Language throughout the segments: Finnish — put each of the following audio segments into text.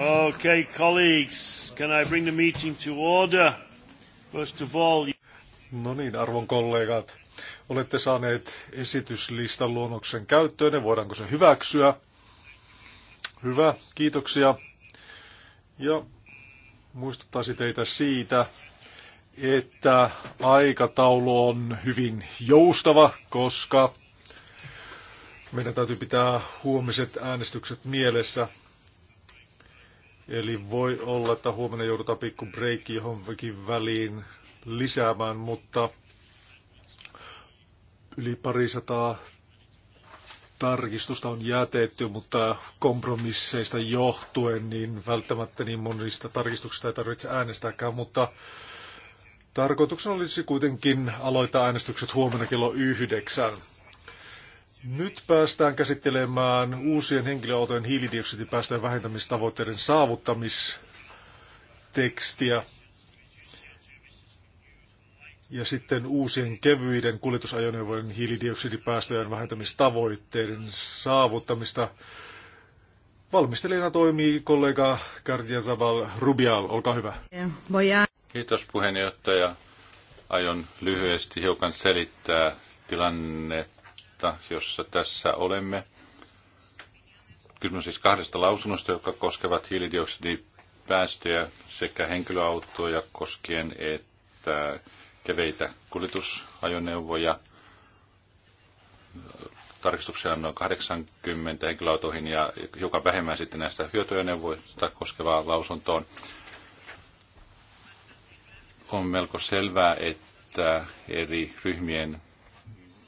Okay, colleagues, can I bring the meeting to order? First of all... No niin, arvon kollegat. Olette saaneet esityslistan luonnoksen käyttöön. Voidaanko se hyväksyä? Hyvä, kiitoksia. Ja muistuttaisin teitä siitä, että aikataulu on hyvin joustava, koska meidän täytyy pitää huomiset äänestykset mielessä. Eli voi olla, että huomenna joudutaan pikku breikki johonkin väliin lisäämään, mutta yli parisataa tarkistusta on jätetty, mutta kompromisseista johtuen, niin välttämättä niin monista tarkistuksista ei tarvitse äänestääkään, mutta tarkoituksena olisi kuitenkin aloittaa äänestykset huomenna kello yhdeksän. Nyt päästään käsittelemään uusien henkilöautojen hiilidioksidipäästöjen vähentämistavoitteiden saavuttamistekstiä ja sitten uusien kevyiden kuljetusajoneuvojen hiilidioksidipäästöjen vähentämistavoitteiden saavuttamista. Valmistelijana toimii kollega Gardia Zaval Rubial. Olkaa hyvä. Kiitos puheenjohtaja. Aion lyhyesti hiukan selittää tilanne tilannetta, jossa tässä olemme. Kysymys siis kahdesta lausunnosta, jotka koskevat hiilidioksidipäästöjä sekä henkilöautoja koskien että keveitä kuljetusajoneuvoja. Tarkistuksia on noin 80 henkilöautoihin ja hiukan vähemmän sitten näistä hyötyajoneuvoista koskevaan lausuntoon. On melko selvää, että eri ryhmien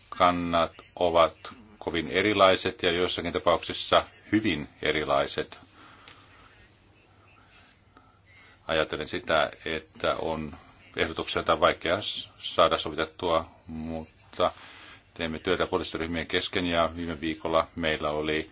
kannat ovat kovin erilaiset ja joissakin tapauksissa hyvin erilaiset. Ajatellen sitä, että on ehdotuksia, joita on vaikea saada sovitettua, mutta teemme työtä poliisiryhmien kesken ja viime viikolla meillä oli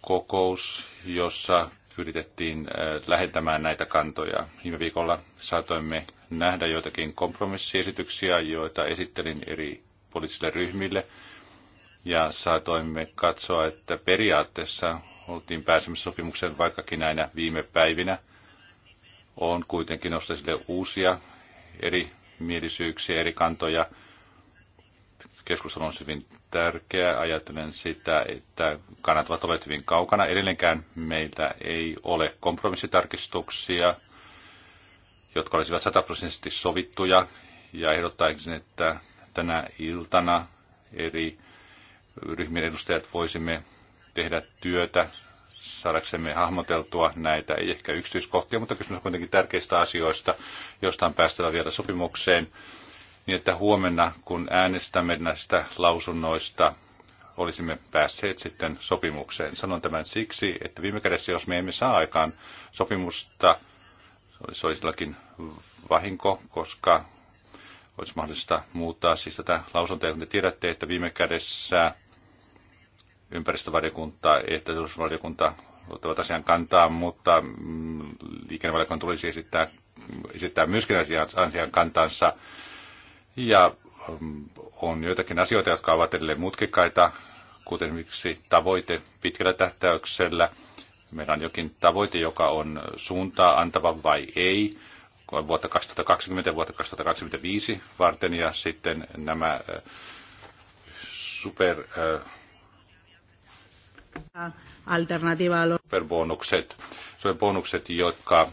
kokous, jossa yritettiin äh, lähentämään näitä kantoja. Viime viikolla saatoimme nähdä joitakin kompromissiesityksiä, joita esittelin eri poliittisille ryhmille ja saatoimme katsoa, että periaatteessa oltiin pääsemässä sopimukseen vaikkakin näinä viime päivinä. On kuitenkin nostettu uusia eri mielisyyksiä, eri kantoja. Keskustelu on hyvin tärkeä. Ajattelen sitä, että kannat ovat olleet hyvin kaukana. Edelleenkään meiltä ei ole kompromissitarkistuksia, jotka olisivat sataprosenttisesti sovittuja. Ja ehdottaisin, että tänä iltana eri ryhmien edustajat voisimme tehdä työtä saadaksemme hahmoteltua näitä, ei ehkä yksityiskohtia, mutta kysymys on kuitenkin tärkeistä asioista, joista on päästävä vielä sopimukseen, niin että huomenna, kun äänestämme näistä lausunnoista, olisimme päässeet sitten sopimukseen. Sanon tämän siksi, että viime kädessä, jos me emme saa aikaan sopimusta, se olisi jollakin vahinko, koska olisi mahdollista muuttaa siis tätä lausuntoa, kun te tiedätte, että viime kädessä ympäristövaliokunta ja teollisuusvaliokunta ottavat asian kantaa, mutta mm, liikennevaliokunta tulisi esittää, esittää myöskin asian kantansa. Ja mm, on joitakin asioita, jotka ovat edelleen mutkikkaita, kuten miksi tavoite pitkällä tähtäyksellä. Meillä on jokin tavoite, joka on suuntaa antava vai ei vuotta 2020 vuotta 2025 varten ja sitten nämä äh, super äh, alternativa superbonukset, superbonukset, jotka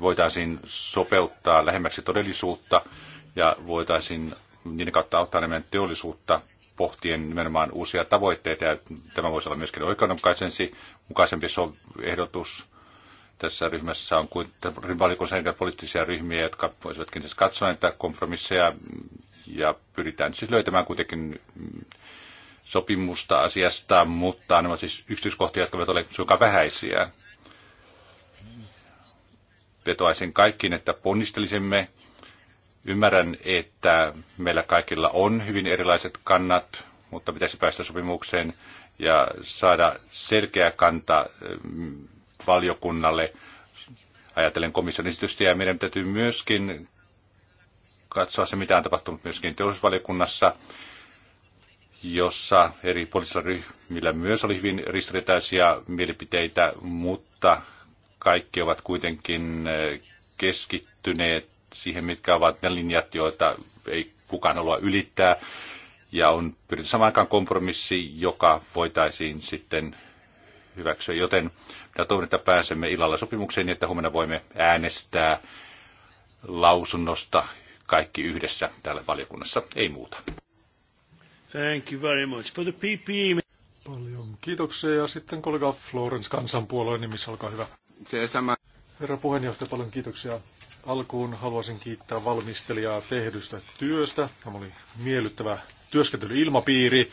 voitaisiin sopeuttaa lähemmäksi todellisuutta ja voitaisiin niiden kautta auttaa enemmän teollisuutta pohtien nimenomaan uusia tavoitteita. Ja tämä voisi olla myöskin oikeudenmukaisempi ehdotus tässä ryhmässä on kuin valikossa poliittisia ryhmiä, jotka voisivatkin siis katsoa näitä kompromisseja ja pyritään siis löytämään kuitenkin sopimusta asiasta, mutta nämä siis yksityiskohtia, jotka ovat olleet suinkaan vähäisiä. Vetoaisin kaikkiin, että ponnistelisimme. Ymmärrän, että meillä kaikilla on hyvin erilaiset kannat, mutta pitäisi päästä sopimukseen ja saada selkeä kanta valiokunnalle. Ajatellen komission esitystä ja meidän täytyy myöskin katsoa se, mitä on tapahtunut myöskin teollisuusvaliokunnassa, jossa eri poliittisilla ryhmillä myös oli hyvin ristiriitaisia mielipiteitä, mutta kaikki ovat kuitenkin eh, keskittyneet siihen, mitkä ovat ne linjat, joita ei kukaan halua ylittää. Ja on pyritty samaan aikaan kompromissi, joka voitaisiin sitten hyväksyä, joten minä toivon, että pääsemme illalla sopimukseen, niin että huomenna voimme äänestää lausunnosta kaikki yhdessä täällä valiokunnassa, ei muuta. Thank you very much for the PPE. Paljon kiitoksia ja sitten kollega Florence kansanpuolueen nimissä, olkaa hyvä. Se sama. Herra puheenjohtaja, paljon kiitoksia. Alkuun haluaisin kiittää valmistelijaa tehdystä työstä. Tämä oli miellyttävä työskentelyilmapiiri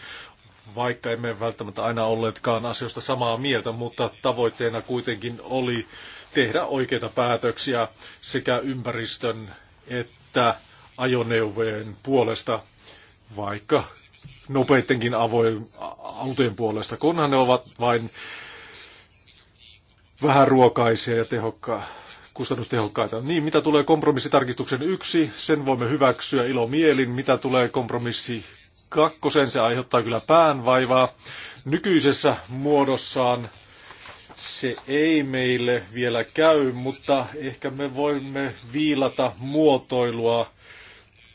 vaikka emme välttämättä aina olleetkaan asioista samaa mieltä, mutta tavoitteena kuitenkin oli tehdä oikeita päätöksiä sekä ympäristön että ajoneuvojen puolesta, vaikka nopeittenkin avoin autojen puolesta, kunhan ne ovat vain vähän ruokaisia ja tehokkaa, kustannustehokkaita. Niin, mitä tulee kompromissitarkistuksen yksi, sen voimme hyväksyä ilomielin. Mitä tulee kompromissi kakkosen se aiheuttaa kyllä päänvaivaa. Nykyisessä muodossaan se ei meille vielä käy, mutta ehkä me voimme viilata muotoilua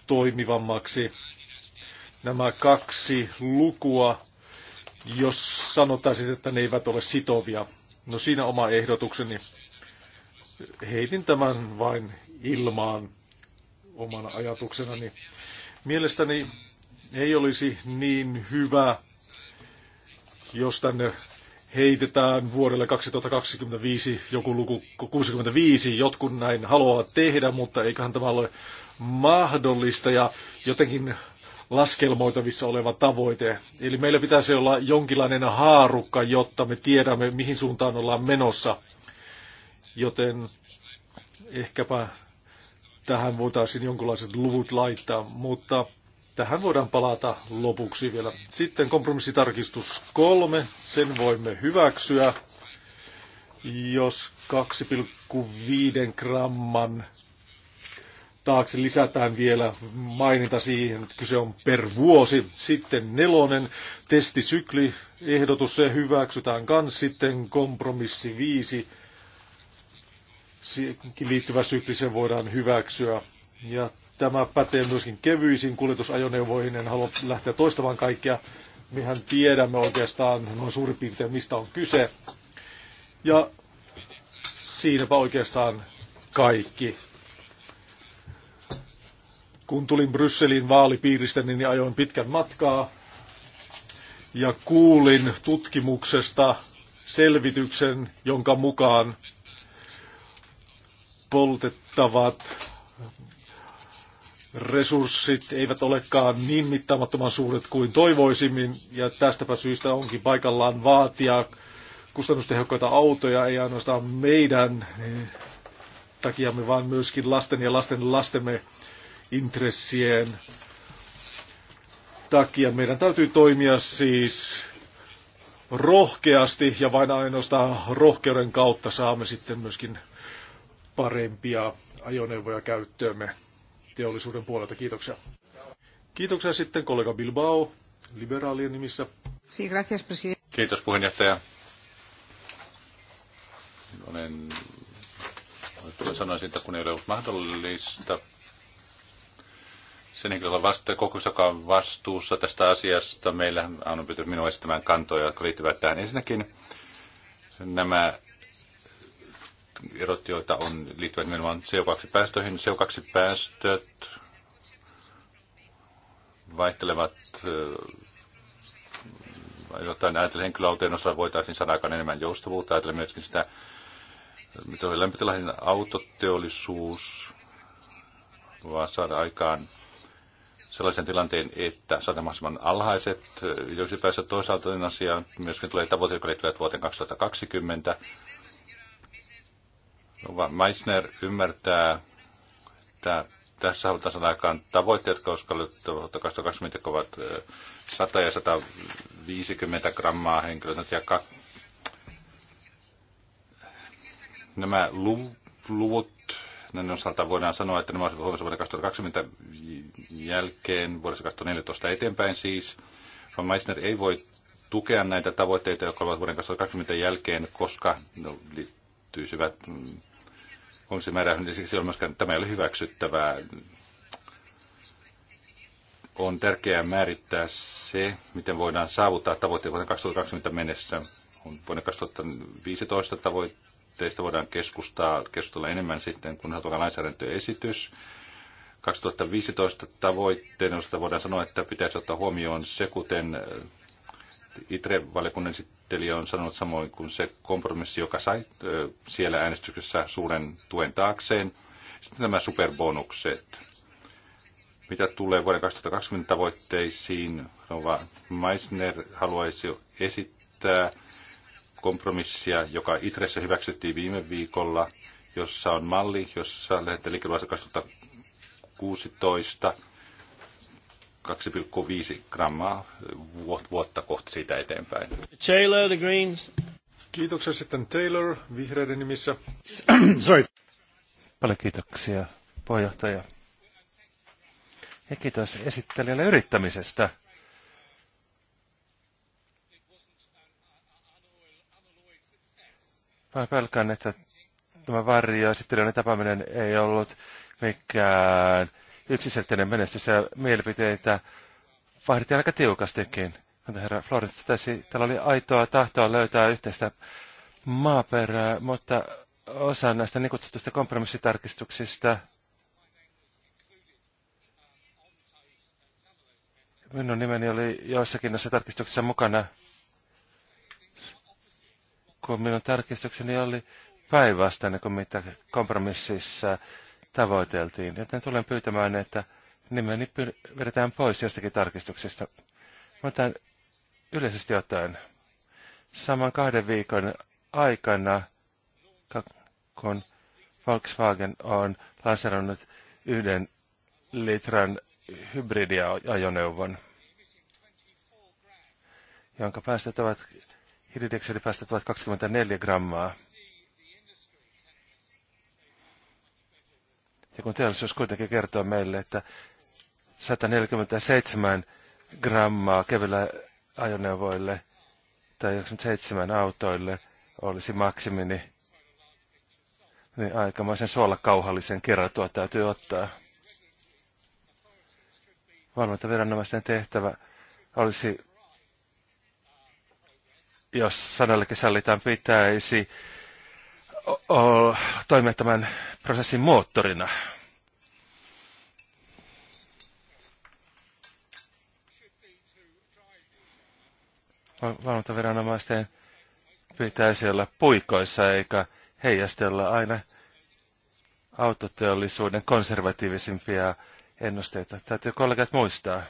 toimivammaksi. Nämä kaksi lukua, jos sanotaan, että ne eivät ole sitovia. No siinä oma ehdotukseni. Heitin tämän vain ilmaan omana ajatuksenani. Niin mielestäni ei olisi niin hyvä, jos tänne heitetään vuodelle 2025 joku luku 65. Jotkut näin haluavat tehdä, mutta eiköhän tämä ole mahdollista ja jotenkin laskelmoitavissa oleva tavoite. Eli meillä pitäisi olla jonkinlainen haarukka, jotta me tiedämme, mihin suuntaan ollaan menossa. Joten ehkäpä tähän voitaisiin jonkinlaiset luvut laittaa, mutta Tähän voidaan palata lopuksi vielä. Sitten kompromissitarkistus kolme, sen voimme hyväksyä, jos 2,5 gramman taakse lisätään vielä maininta siihen, että kyse on per vuosi. Sitten nelonen testisykli, ehdotus se hyväksytään kans. Sitten kompromissi viisi, siihenkin liittyvä sykli, sen voidaan hyväksyä. Ja Tämä pätee myöskin kevyisiin kuljetusajoneuvoihin, en halua lähteä toistamaan kaikkea. Mehän tiedämme oikeastaan noin suurin piirtein, mistä on kyse. Ja siinäpä oikeastaan kaikki. Kun tulin Brysselin vaalipiiristä, niin ajoin pitkän matkaa ja kuulin tutkimuksesta selvityksen, jonka mukaan poltettavat resurssit eivät olekaan niin mittaamattoman suuret kuin toivoisimme, ja tästäpä syystä onkin paikallaan vaatia kustannustehokkaita autoja, ei ainoastaan meidän eh, takiamme, vaan myöskin lasten ja lasten lastemme intressien takia. Meidän täytyy toimia siis rohkeasti ja vain ainoastaan rohkeuden kautta saamme sitten myöskin parempia ajoneuvoja käyttöömme teollisuuden puolelta. Kiitoksia. Kiitoksia sitten kollega Bilbao, liberaalien nimissä. Sí, gracias, Kiitos puheenjohtaja. Olen, tulen sanoisin, että kun ei ole ollut mahdollista sen henkilöllä vasta, kokous, joka on vastuussa tästä asiasta, meillä on pitänyt minua esittämään kantoja, jotka liittyvät tähän. Ensinnäkin nämä erot, joita on, liittyvät nimenomaan CO2-päästöihin. CO2-päästöt vaihtelevat äh, jotain ajatellen henkilöautojen osalta voitaisiin saada aikaan enemmän joustavuutta. Ajatellen myöskin sitä, mitä on lämpötilaisen autoteollisuus, vaan saada aikaan sellaisen tilanteen, että saadaan mahdollisimman alhaiset hiilidioksidipäästöt äh, toisaalta asia myöskin tulee tavoite, joka liittyy vuoteen 2020 Meissner ymmärtää, että tässä halutaan sanoa aikaan tavoitteet, koska nyt 2020 ovat 100 ja 150 grammaa henkilöitä. Ja nämä luvut näiden osalta voidaan sanoa, että nämä olisivat huomioissa vuoden 2020 jälkeen, vuodesta 2014 eteenpäin siis. Van Meissner ei voi tukea näitä tavoitteita, jotka ovat vuoden 2020 jälkeen, koska ne liittyisivät mm, on se määrä, niin siksi on myöskään, tämä ei ole hyväksyttävää. On tärkeää määrittää se, miten voidaan saavuttaa tavoitteet vuoden 2020 mennessä. Vuoden 2015 tavoitteista voidaan keskustaa, keskustella enemmän sitten, kun tulee lainsäädäntöesitys. 2015 tavoitteen osalta voidaan sanoa, että pitäisi ottaa huomioon se, kuten ITRE-valiokunnan esittelijä on sanonut samoin kuin se kompromissi, joka sai siellä äänestyksessä suuren tuen taakseen. Sitten nämä superbonukset. Mitä tulee vuoden 2020 tavoitteisiin, Rova Meissner haluaisi esittää kompromissia, joka ITREssä hyväksyttiin viime viikolla, jossa on malli, jossa lähdette liikkeelle 2016 2,5 grammaa vuotta kohti siitä eteenpäin. Taylor, the Greens. Kiitoksia sitten Taylor, vihreiden nimissä. Sorry. Paljon kiitoksia, puheenjohtaja. Ja kiitos esittelijälle yrittämisestä. Mä pelkään, että tämä varjo esittelijän tapaaminen ei ollut mikään yksiselteinen menestys ja mielipiteitä vaihdettiin aika tiukastikin. Herra Florence totesi, täällä oli aitoa tahtoa löytää yhteistä maaperää, mutta osa näistä niin kutsutusta kompromissitarkistuksista minun nimeni oli joissakin näissä tarkistuksissa mukana, kun minun tarkistukseni oli päinvastainen kuin mitä kompromississa tavoiteltiin. Joten tulen pyytämään, että nimeni vedetään pois jostakin tarkistuksesta. mutta yleisesti ottaen saman kahden viikon aikana, kun Volkswagen on lanserannut yhden litran hybridiajoneuvon, jonka päästöt ovat, hiilidioksidipäästöt ovat 24 grammaa. Ja kun teollisuus kuitenkin kertoo meille, että 147 grammaa kevyillä ajoneuvoille tai 97 autoille olisi maksimini, niin aikamoisen suolakauhallisen kerratua täytyy ottaa. Valvontaviranomaisten tehtävä olisi, jos sanallekin sallitaan, pitäisi toimia tämän prosessin moottorina. Valvontaviranomaisten pitäisi olla puikoissa eikä heijastella aina autoteollisuuden konservatiivisimpia ennusteita. Täytyy kollegat muistaa,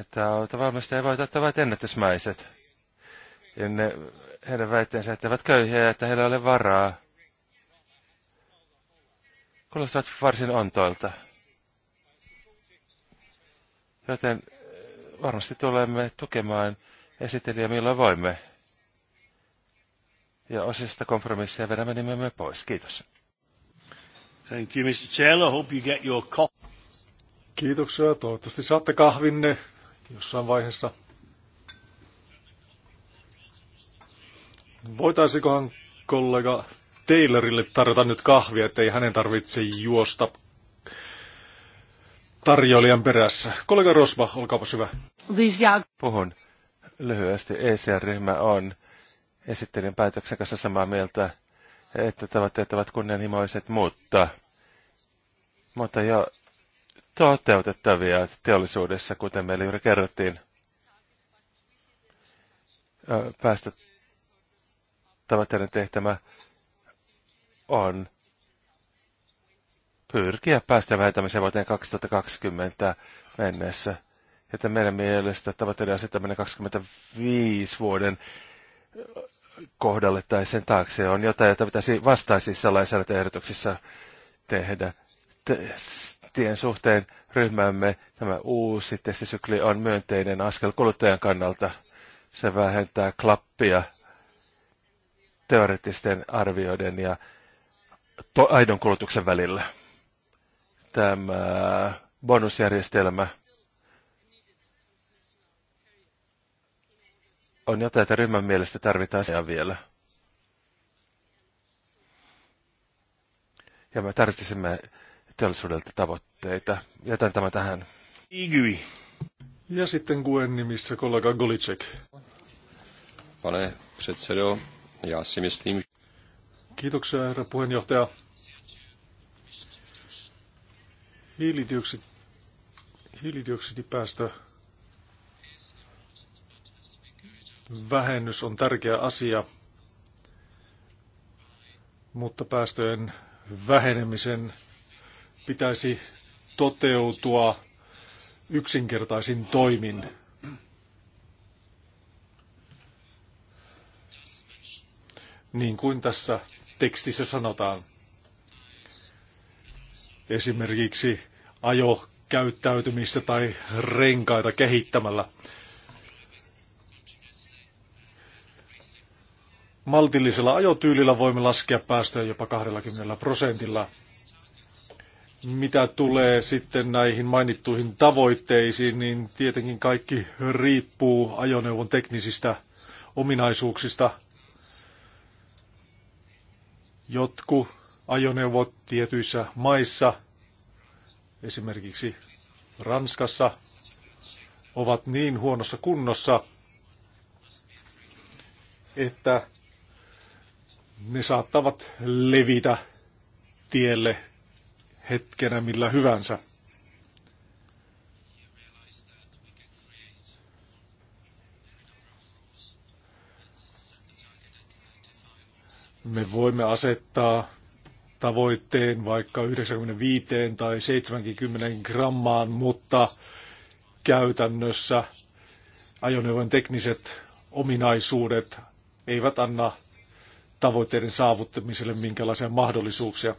että autovalmistajien voitot ovat ennätysmäiset. Ja ne, heidän väitteensä, että he ovat köyhiä ja että heillä ei ole varaa, kuulostavat varsin ontoilta. Joten eh, varmasti tulemme tukemaan esittelijä milloin voimme. Ja osista kompromisseja vedämme nimemme pois. Kiitos. Thank you, Mr. Taylor. Hope you get your Kiitoksia. Toivottavasti saatte kahvinne jossain vaiheessa. Voitaisikohan kollega Taylorille tarjota nyt kahvia, ettei hänen tarvitse juosta tarjoilijan perässä. Kollega Rosva, olkaapa hyvä. Puhun lyhyesti. ECR-ryhmä on esittelin päätöksen kanssa samaa mieltä, että tavoitteet ovat kunnianhimoiset, mutta, mutta jo toteutettavia teollisuudessa, kuten meille juuri kerrottiin, päästöt teidän tehtävä on pyrkiä päästä vähentämiseen vuoteen 2020 mennessä. Joten meidän mielestä tavoitteiden asettaminen 25 vuoden kohdalle tai sen taakse on jotain, jota pitäisi vastaisissa lainsäädäntöehdotuksissa tehdä. Tien suhteen ryhmämme tämä uusi testisykli on myönteinen askel kuluttajan kannalta. Se vähentää klappia teoreettisten arvioiden ja to- aidon kulutuksen välillä. Tämä bonusjärjestelmä on jotain, että ryhmän mielestä tarvitaan asiaa vielä. Ja me tarvitsisimme teollisuudelta tavoitteita. Jätän tämä tähän. Igui. Ja sitten Guen nimissä kollega Golicek. Pane předsedo, si myslím... Kiitoksia, herra puheenjohtaja. Hiilidioksid, hiilidioksidipäästö vähennys on tärkeä asia, mutta päästöjen vähenemisen pitäisi toteutua yksinkertaisin toimin niin kuin tässä tekstissä sanotaan. Esimerkiksi ajo käyttäytymistä tai renkaita kehittämällä. Maltillisella ajotyylillä voimme laskea päästöjä jopa 20 prosentilla. Mitä tulee sitten näihin mainittuihin tavoitteisiin, niin tietenkin kaikki riippuu ajoneuvon teknisistä ominaisuuksista – Jotkut ajoneuvot tietyissä maissa, esimerkiksi Ranskassa, ovat niin huonossa kunnossa, että ne saattavat levitä tielle hetkenä millä hyvänsä. Me voimme asettaa tavoitteen vaikka 95 tai 70 grammaan, mutta käytännössä ajoneuvon tekniset ominaisuudet eivät anna tavoitteiden saavuttamiselle minkälaisia mahdollisuuksia.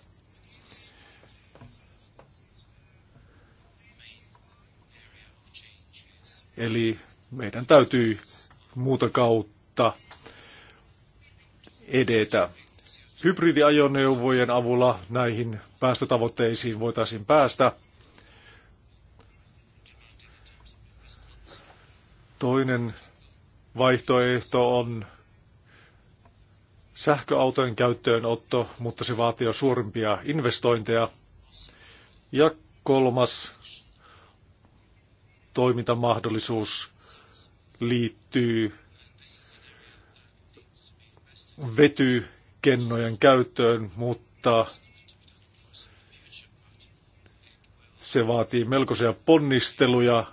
Eli meidän täytyy muuta kautta edetä. Hybridiajoneuvojen avulla näihin päästötavoitteisiin voitaisiin päästä. Toinen vaihtoehto on sähköautojen käyttöönotto, mutta se vaatii jo suurimpia investointeja. Ja kolmas toimintamahdollisuus liittyy vety- kennojen käyttöön, mutta se vaatii melkoisia ponnisteluja,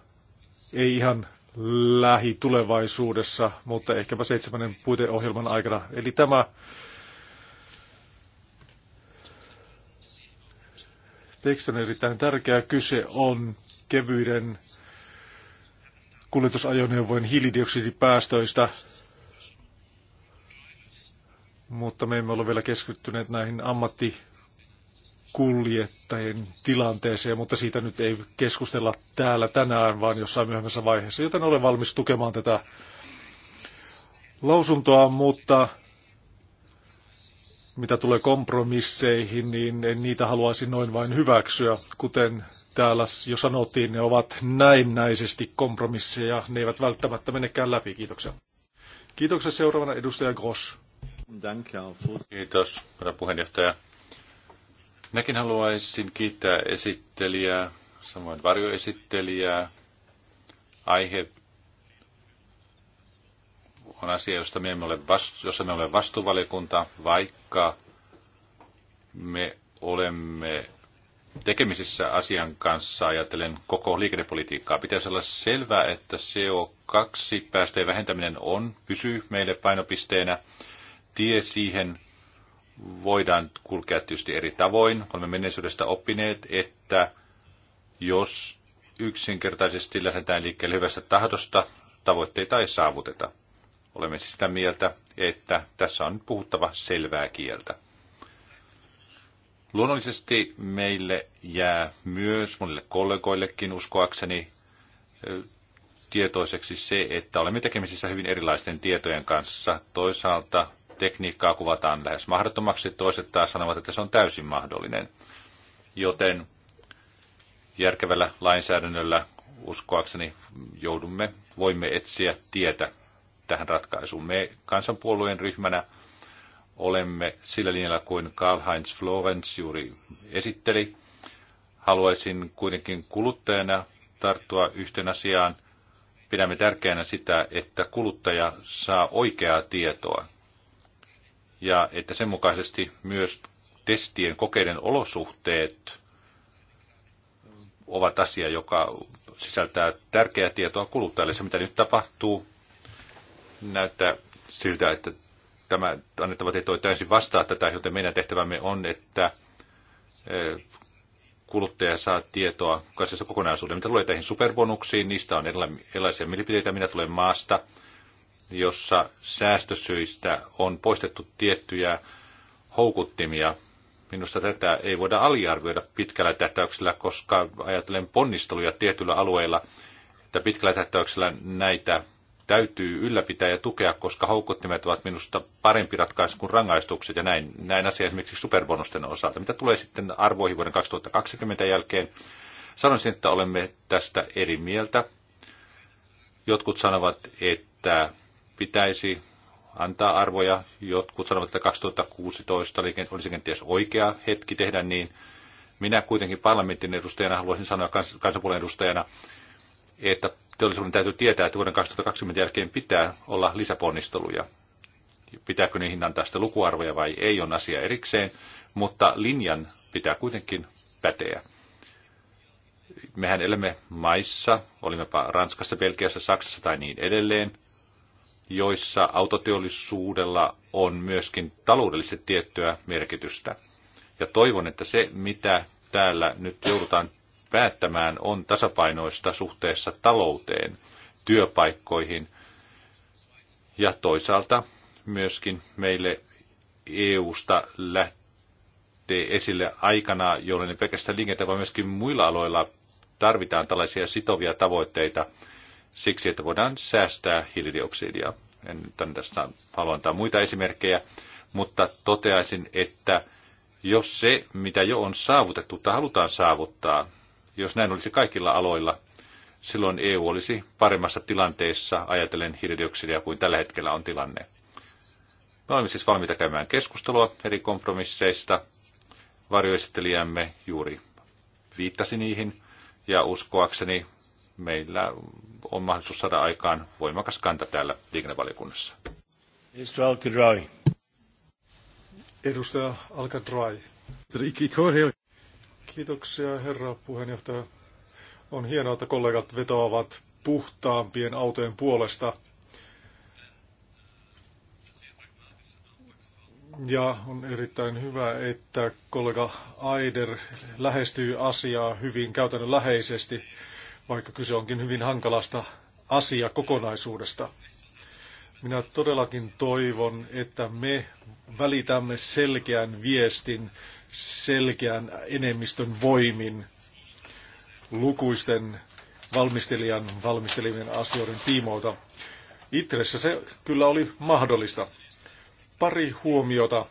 ei ihan lähitulevaisuudessa, mutta ehkäpä seitsemännen puiteohjelman aikana. Eli tämä teksti on erittäin tärkeä. Kyse on kevyiden kuljetusajoneuvojen hiilidioksidipäästöistä mutta me emme ole vielä keskittyneet näihin ammattikuljettajien tilanteeseen, mutta siitä nyt ei keskustella täällä tänään, vaan jossain myöhemmässä vaiheessa, joten olen valmis tukemaan tätä lausuntoa, mutta mitä tulee kompromisseihin, niin en niitä haluaisin noin vain hyväksyä. Kuten täällä jo sanottiin, ne ovat näennäisesti kompromisseja, ne eivät välttämättä menekään läpi. Kiitoksia. Kiitoksia seuraavana edustaja Gross. Kiitos, herra puheenjohtaja. Minäkin haluaisin kiittää esittelijää, samoin varjoesittelijää. Aihe on asia, josta me emme ole vastu, jossa me olemme vastuuvaliokunta, vaikka me olemme tekemisissä asian kanssa, ajatellen koko liikennepolitiikkaa. Pitäisi olla selvää, että CO2-päästöjen vähentäminen on, pysyy meille painopisteenä tie siihen voidaan kulkea tietysti eri tavoin. Olemme menneisyydestä oppineet, että jos yksinkertaisesti lähdetään liikkeelle hyvästä tahdosta, tavoitteita ei saavuteta. Olemme siis sitä mieltä, että tässä on puhuttava selvää kieltä. Luonnollisesti meille jää myös monille kollegoillekin uskoakseni tietoiseksi se, että olemme tekemisissä hyvin erilaisten tietojen kanssa. Toisaalta tekniikkaa kuvataan lähes mahdottomaksi, toiset taas sanovat, että se on täysin mahdollinen. Joten järkevällä lainsäädännöllä uskoakseni joudumme, voimme etsiä tietä tähän ratkaisuun. Me kansanpuolueen ryhmänä olemme sillä linjalla kuin Karl-Heinz Florenz juuri esitteli. Haluaisin kuitenkin kuluttajana tarttua yhteen asiaan. Pidämme tärkeänä sitä, että kuluttaja saa oikeaa tietoa ja että sen mukaisesti myös testien kokeiden olosuhteet ovat asia, joka sisältää tärkeää tietoa kuluttajalle. Se, mitä nyt tapahtuu, näyttää siltä, että tämä annettava tieto ei täysin vastaa tätä, joten meidän tehtävämme on, että e, kuluttaja saa tietoa kansallisesta kokonaisuudesta. Mitä tulee näihin superbonuksiin, niistä on erilaisia mielipiteitä, minä tulen maasta – jossa säästösyistä on poistettu tiettyjä houkuttimia. Minusta tätä ei voida aliarvioida pitkällä tähtäyksellä, koska ajattelen ponnisteluja tietyillä alueilla, että pitkällä tähtäyksellä näitä täytyy ylläpitää ja tukea, koska houkuttimet ovat minusta parempi ratkaisu kuin rangaistukset ja näin, näin asia esimerkiksi superbonusten osalta. Mitä tulee sitten arvoihin vuoden 2020 jälkeen, sanoisin, että olemme tästä eri mieltä. Jotkut sanovat, että pitäisi antaa arvoja. Jotkut sanovat, että 2016 olisi kenties oikea hetki tehdä niin. Minä kuitenkin parlamentin edustajana haluaisin sanoa kans, kansanpuolen edustajana, että teollisuuden täytyy tietää, että vuoden 2020 jälkeen pitää olla lisäponnisteluja. Pitääkö niihin antaa sitä lukuarvoja vai ei, on asia erikseen, mutta linjan pitää kuitenkin päteä. Mehän elämme maissa, olimmepa Ranskassa, Belgiassa, Saksassa tai niin edelleen, joissa autoteollisuudella on myöskin taloudellisesti tiettyä merkitystä. Ja toivon, että se, mitä täällä nyt joudutaan päättämään, on tasapainoista suhteessa talouteen, työpaikkoihin ja toisaalta myöskin meille EU-sta lähtee esille aikana, jolloin ei pelkästään liikenteen, vaan myöskin muilla aloilla tarvitaan tällaisia sitovia tavoitteita – siksi, että voidaan säästää hiilidioksidia. En nyt tästä halua antaa muita esimerkkejä, mutta toteaisin, että jos se, mitä jo on saavutettu tai halutaan saavuttaa, jos näin olisi kaikilla aloilla, silloin EU olisi paremmassa tilanteessa ajatellen hiilidioksidia kuin tällä hetkellä on tilanne. Me olemme siis valmiita käymään keskustelua eri kompromisseista. Varjoesittelijämme juuri viittasi niihin, ja uskoakseni meillä on mahdollisuus saada aikaan voimakas kanta täällä liikennevaliokunnassa. Edustaja Alcadray. Kiitoksia herra puheenjohtaja. On hienoa, että kollegat vetoavat puhtaampien autojen puolesta. Ja on erittäin hyvä, että kollega Aider lähestyy asiaa hyvin käytännönläheisesti. läheisesti vaikka kyse onkin hyvin hankalasta asia kokonaisuudesta. Minä todellakin toivon, että me välitämme selkeän viestin, selkeän enemmistön voimin lukuisten valmistelijan valmistelimien asioiden tiimoilta. Itressä se kyllä oli mahdollista. Pari huomiota.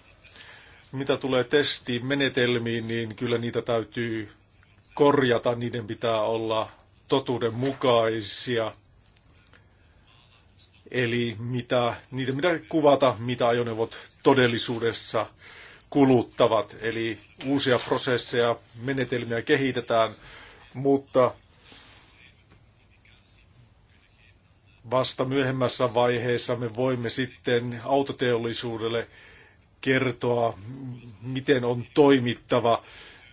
Mitä tulee testiin menetelmiin, niin kyllä niitä täytyy korjata. Niiden pitää olla totuudenmukaisia. Eli mitä, niitä mitä kuvata, mitä ajoneuvot todellisuudessa kuluttavat. Eli uusia prosesseja, menetelmiä kehitetään, mutta vasta myöhemmässä vaiheessa me voimme sitten autoteollisuudelle kertoa, miten on toimittava.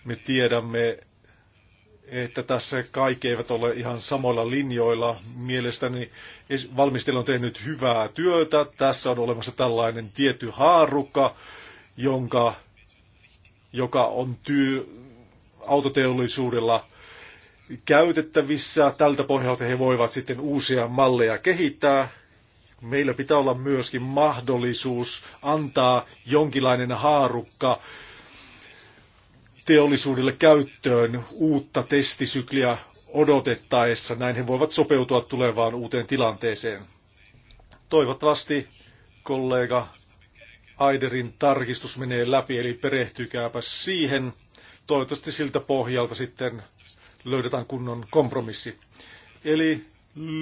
Me tiedämme, että tässä kaikki eivät ole ihan samoilla linjoilla. Mielestäni valmistelu on tehnyt hyvää työtä. Tässä on olemassa tällainen tietty haarukka, jonka, joka on työ, autoteollisuudella käytettävissä. Tältä pohjalta he voivat sitten uusia malleja kehittää. Meillä pitää olla myöskin mahdollisuus antaa jonkinlainen haarukka teollisuudelle käyttöön uutta testisykliä odotettaessa. Näin he voivat sopeutua tulevaan uuteen tilanteeseen. Toivottavasti kollega Aiderin tarkistus menee läpi, eli perehtykääpä siihen. Toivottavasti siltä pohjalta sitten löydetään kunnon kompromissi. Eli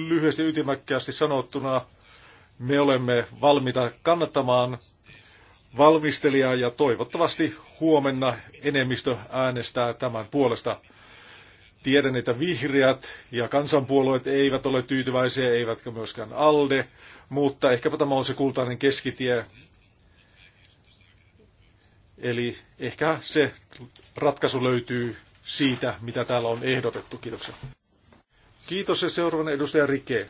lyhyesti ytimäkkäästi sanottuna, me olemme valmiita kannattamaan valmistelijaa ja toivottavasti huomenna enemmistö äänestää tämän puolesta. Tiedän, että vihreät ja kansanpuolueet eivät ole tyytyväisiä, eivätkä myöskään ALDE, mutta ehkäpä tämä on se kultainen keskitie. Eli ehkä se ratkaisu löytyy siitä, mitä täällä on ehdotettu. Kiitoksia. Kiitos ja seuraavana edustaja Rike.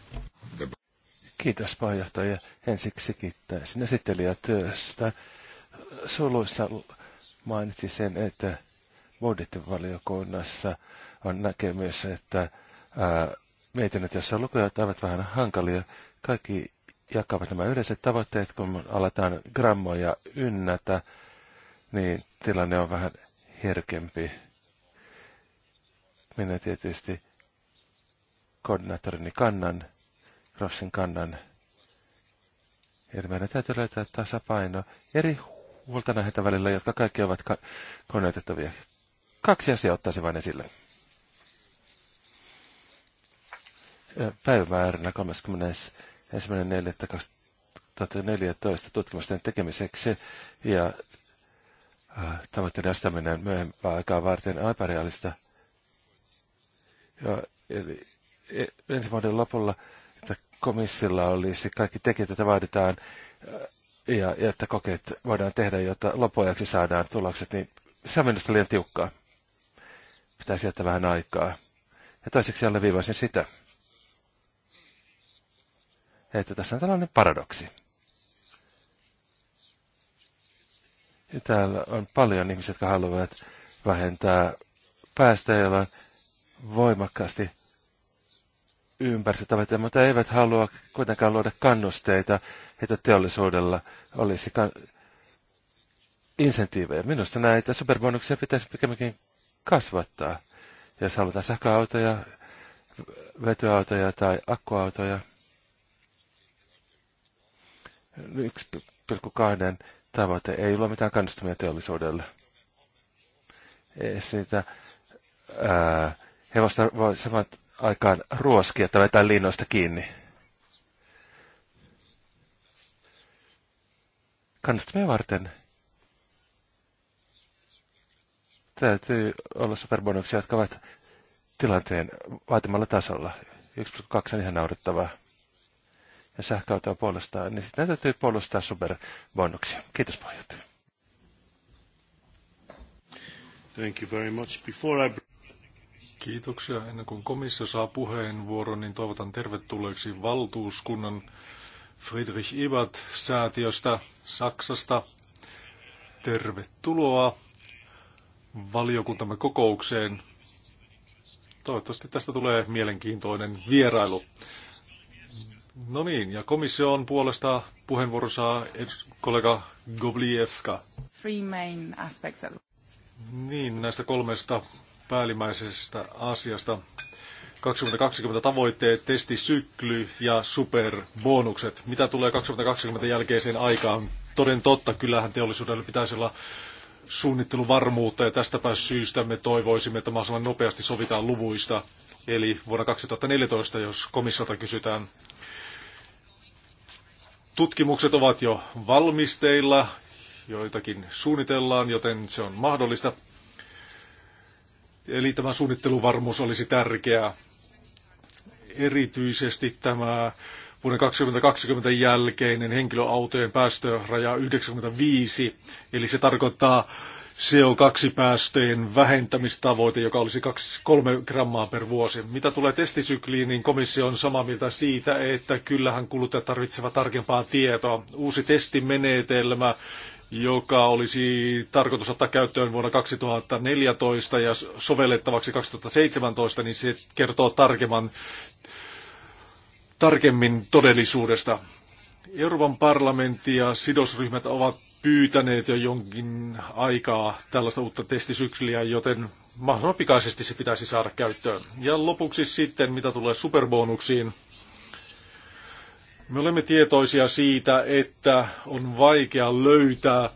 Kiitos puheenjohtaja. Ensiksi kiittäisin esittelijätyöstä. Suluissa mainitsi sen, että budjettivaliokunnassa on näkemys, että mietinnöt, jossa lukujat ovat vähän hankalia, kaikki jakavat nämä yleiset tavoitteet, kun aletaan grammoja ynnätä, niin tilanne on vähän herkempi. Minä tietysti koordinaattorini kannan Rossin kannan. Eli meidän täytyy löytää tasapaino eri huolta näitä välillä, jotka kaikki ovat ka- koneutettavia. Kaksi asiaa ottaisin vain esille. Päivämääränä 31.4.2014 tutkimusten tekemiseksi ja äh, tavoitteiden astaminen myöhempää aikaa varten epärealista. Ja, eli e, ensi vuoden lopulla komissilla olisi kaikki tekijät, joita vaaditaan, ja, ja että kokeet voidaan tehdä, jotta lopuajaksi saadaan tulokset, niin se on minusta liian tiukkaa. Pitää sieltä vähän aikaa. Ja toiseksi alleviivaisin sitä, että tässä on tällainen paradoksi. Ja täällä on paljon ihmisiä, jotka haluavat vähentää päästöjä, joilla on voimakkaasti ympäristötavoitteita, mutta eivät halua kuitenkaan luoda kannusteita, että teollisuudella olisi kan- insentiivejä. Minusta näitä superbonuksia pitäisi pikemminkin kasvattaa. Jos halutaan sähköautoja, vetyautoja tai akkuautoja, 1,2 niin tavoite ei ole mitään kannustamia teollisuudelle. Ei siitä, ää, hevosta voi samat aikaan ruoskia tai vetää linnoista kiinni. Kannustamia varten täytyy olla superbonuksia, jotka ovat tilanteen vaatimalla tasolla. 1,2 on ihan naurettavaa. Ja sähköautoa puolustaan, niin sitten täytyy puolustaa superbonuksia. Kiitos puheenjohtaja. Thank you very much. Before I... Kiitoksia. Ennen kuin komissio saa puheenvuoron, niin toivotan tervetulleeksi valtuuskunnan Friedrich Ebert säätiöstä Saksasta. Tervetuloa valiokuntamme kokoukseen. Toivottavasti tästä tulee mielenkiintoinen vierailu. No niin, ja komissio on puolesta puheenvuoro saa kollega Goblievska. Three main aspects. Niin, näistä kolmesta päällimmäisestä asiasta. 2020 tavoitteet, testisykly ja superbonukset. Mitä tulee 2020 jälkeiseen aikaan? Toden totta, kyllähän teollisuudelle pitäisi olla suunnitteluvarmuutta ja tästäpä syystä me toivoisimme, että mahdollisimman nopeasti sovitaan luvuista. Eli vuonna 2014, jos komissiolta kysytään. Tutkimukset ovat jo valmisteilla, joitakin suunnitellaan, joten se on mahdollista. Eli tämä suunnitteluvarmuus olisi tärkeää. Erityisesti tämä vuoden 2020 jälkeinen henkilöautojen päästöraja 95, eli se tarkoittaa CO2-päästöjen vähentämistavoite, joka olisi 3 grammaa per vuosi. Mitä tulee testisykliin, niin komissio on samaa mieltä siitä, että kyllähän kuluttajat tarvitsevat tarkempaa tietoa. Uusi testimenetelmä, joka olisi tarkoitus ottaa käyttöön vuonna 2014 ja sovellettavaksi 2017, niin se kertoo tarkemman, tarkemmin todellisuudesta. Euroopan parlamentti ja sidosryhmät ovat pyytäneet jo jonkin aikaa tällaista uutta testisyksyliä, joten mahdollisimman pikaisesti se pitäisi saada käyttöön. Ja lopuksi sitten, mitä tulee superbonuksiin, me olemme tietoisia siitä, että on vaikea löytää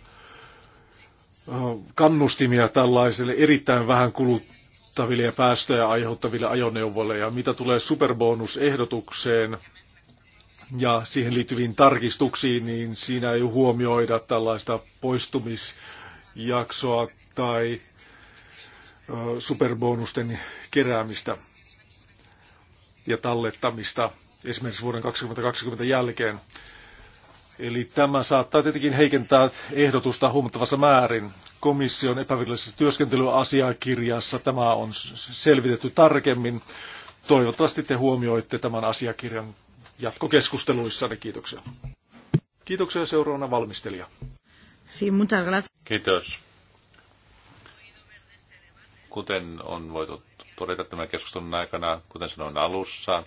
kannustimia tällaisille erittäin vähän kuluttaville ja päästöjä aiheuttaville ajoneuvoille. Ja mitä tulee superbonusehdotukseen ja siihen liittyviin tarkistuksiin, niin siinä ei huomioida tällaista poistumisjaksoa tai superbonusten keräämistä ja tallettamista esimerkiksi vuoden 2020 jälkeen. Eli tämä saattaa tietenkin heikentää ehdotusta huomattavassa määrin. Komission epävirallisessa työskentelyasiakirjassa tämä on selvitetty tarkemmin. Toivottavasti te huomioitte tämän asiakirjan jatkokeskusteluissanne. Kiitoksia. Kiitoksia seuraavana valmistelija. Kiitos. Kuten on voitu todeta tämän keskustelun aikana, kuten sanoin alussa,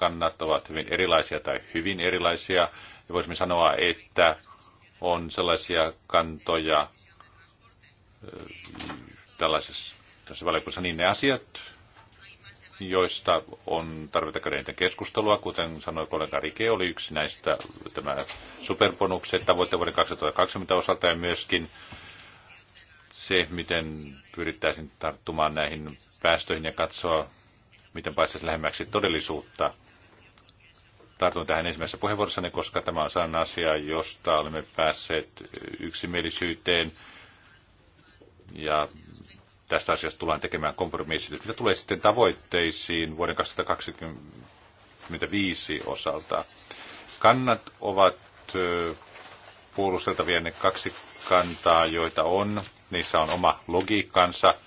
kannat ovat hyvin erilaisia tai hyvin erilaisia. Ja voisimme sanoa, että on sellaisia kantoja tällaisessa, tässä valiokunnassa niin ne asiat, joista on tarvita eniten keskustelua. Kuten sanoi kollega Rike, oli yksi näistä tämä superponukset tavoitteen vuoden 2020 osalta ja myöskin se, miten pyrittäisiin tarttumaan näihin päästöihin ja katsoa, miten päästäisiin lähemmäksi todellisuutta tartun tähän ensimmäisessä puheenvuorossani, koska tämä on sellainen asia, josta olemme päässeet yksimielisyyteen. Ja tästä asiasta tullaan tekemään kompromissit. Mitä tulee sitten tavoitteisiin vuoden 2025 osalta? Kannat ovat puolusteltavia ne kaksi kantaa, joita on. Niissä on oma logiikkansa –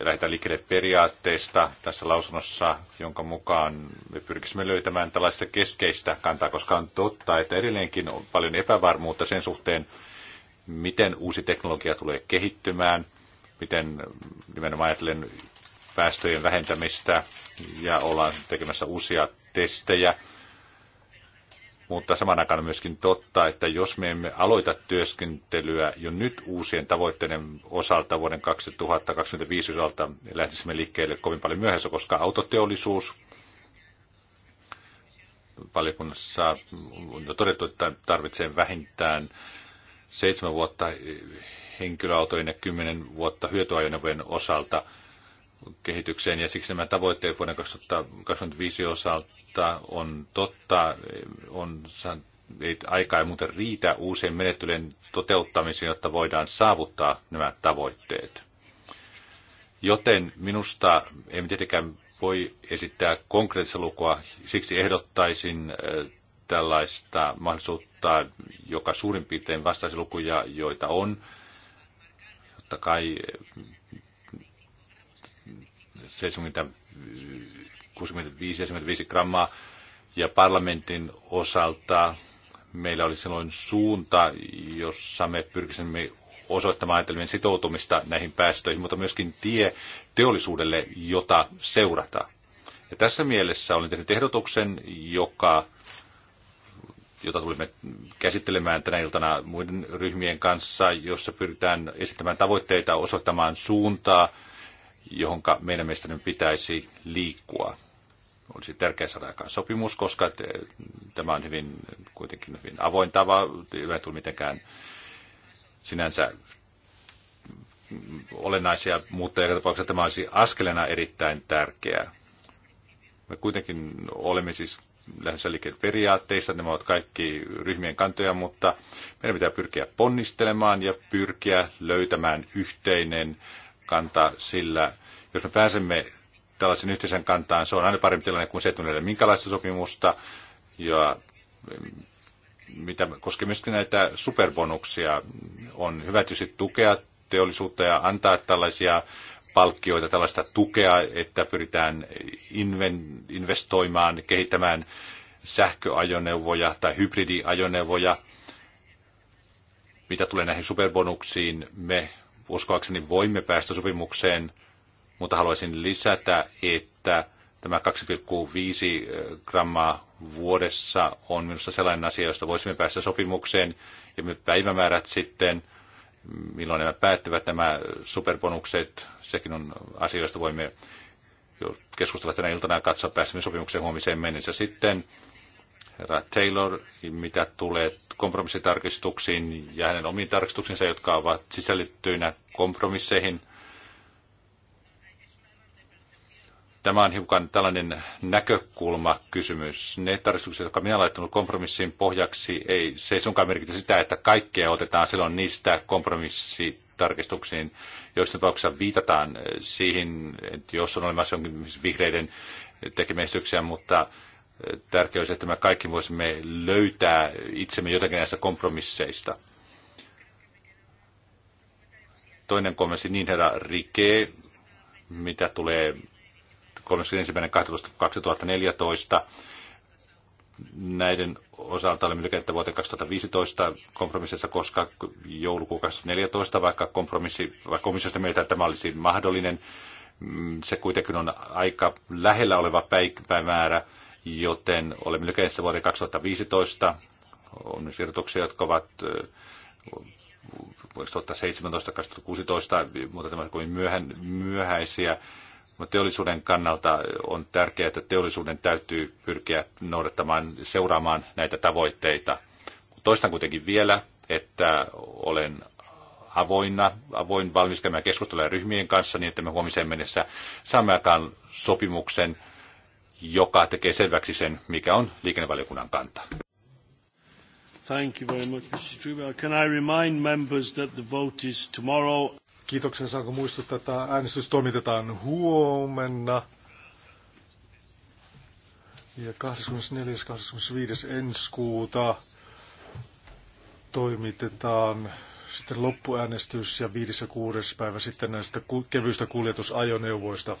lähdetään liikkeelle periaatteesta tässä lausunnossa, jonka mukaan me pyrkisimme löytämään tällaista keskeistä kantaa, koska on totta, että edelleenkin on paljon epävarmuutta sen suhteen, miten uusi teknologia tulee kehittymään, miten nimenomaan ajatellen päästöjen vähentämistä ja ollaan tekemässä uusia testejä mutta saman aikaan myöskin totta, että jos me emme aloita työskentelyä jo nyt uusien tavoitteiden osalta vuoden 2025 osalta, lähtisimme liikkeelle kovin paljon myöhässä, koska autoteollisuus, valiokunnassa on todettu, että tarvitsee vähintään seitsemän vuotta henkilöautojen ja kymmenen vuotta hyötyajoneuvojen osalta kehitykseen, ja siksi nämä tavoitteet vuoden 2025 osalta mutta on totta, on, ei, aika ei muuten riitä uusien menettelyjen toteuttamiseen, jotta voidaan saavuttaa nämä tavoitteet. Joten minusta emme tietenkään voi esittää konkreettista lukua, siksi ehdottaisin äh, tällaista mahdollisuutta, joka suurin piirtein vastaisi lukuja, joita on. Totta kai 70 äh, 65-75 grammaa. Ja parlamentin osalta meillä oli silloin suunta, jossa me pyrkisimme osoittamaan ajatelmien sitoutumista näihin päästöihin, mutta myöskin tie teollisuudelle, jota seurata. Ja tässä mielessä olen tehnyt ehdotuksen, joka, jota tulimme käsittelemään tänä iltana muiden ryhmien kanssa, jossa pyritään esittämään tavoitteita, osoittamaan suuntaa, johon meidän mielestämme pitäisi liikkua olisi tärkeä saada aikaan sopimus, koska tämä on hyvin, kuitenkin hyvin avoin tava, ei tule mitenkään sinänsä olennaisia, mutta eri tapauksessa tämä olisi askelena erittäin tärkeää. Me kuitenkin olemme siis lähes liikkeet periaatteissa, nämä ovat kaikki ryhmien kantoja, mutta meidän pitää pyrkiä ponnistelemaan ja pyrkiä löytämään yhteinen kanta sillä, jos me pääsemme tällaisen yhteisen kantaan. Se on aina parempi tilanne kuin se, että meillä ei ole minkälaista sopimusta. Ja mm, mitä koskee myöskin näitä superbonuksia, on hyvä tietysti tukea teollisuutta ja antaa tällaisia palkkioita, tällaista tukea, että pyritään investoimaan, kehittämään sähköajoneuvoja tai hybridiajoneuvoja. Mitä tulee näihin superbonuksiin, me uskoakseni voimme päästä sopimukseen mutta haluaisin lisätä, että tämä 2,5 eh, grammaa vuodessa on minusta sellainen asia, josta voisimme päästä sopimukseen, ja me päivämäärät sitten, milloin nämä päättyvät, nämä superbonukset, sekin on asia, josta voimme keskustella tänä iltana ja katsoa pääsemme sopimukseen huomiseen mennessä. Sitten herra Taylor, mitä tulee kompromissitarkistuksiin ja hänen omiin tarkistuksensa, jotka ovat sisällyttyinä kompromisseihin – Tämä on hiukan tällainen näkökulmakysymys. Ne tarkistukset, jotka minä olen laittanut kompromissin pohjaksi, ei, se ei suinkaan merkitä sitä, että kaikkea otetaan silloin niistä kompromissitarkistuksiin, joista tapauksessa viitataan eh, siihen, että jos on olemassa jonkin vihreiden tekemistyksiä, mutta eh, tärkeää olisi, että me kaikki voisimme löytää itsemme jotakin näistä kompromisseista. Toinen kommentti, niin herra Rike, mitä tulee 31.12.2014. Näiden osalta olemme lykättä vuoteen 2015 kompromississa, koska joulukuu 2014, vaikka, kompromissi, vaikka komissiosta mieltä, että tämä olisi mahdollinen, mm, se kuitenkin on aika lähellä oleva päivämäärä, joten olemme lykäissä vuoteen 2015. On myös irtotuksia, jotka ovat 2017-2016, mutta tämä on kovin myöhäisiä teollisuuden kannalta on tärkeää, että teollisuuden täytyy pyrkiä noudattamaan, seuraamaan näitä tavoitteita. Toistan kuitenkin vielä, että olen avoinna, avoin valmis käymään keskustelua ryhmien kanssa niin, että me huomiseen mennessä saamme aikaan sopimuksen, joka tekee selväksi sen, mikä on liikennevaliokunnan kanta. Thank you very much, Mr. Can I remind members that the vote is tomorrow? Kiitoksen saanko muistuttaa, että äänestys toimitetaan huomenna. Ja 24.25. kuuta toimitetaan sitten loppuäänestys ja 5. ja 6. päivä sitten näistä kevyistä kuljetusajoneuvoista.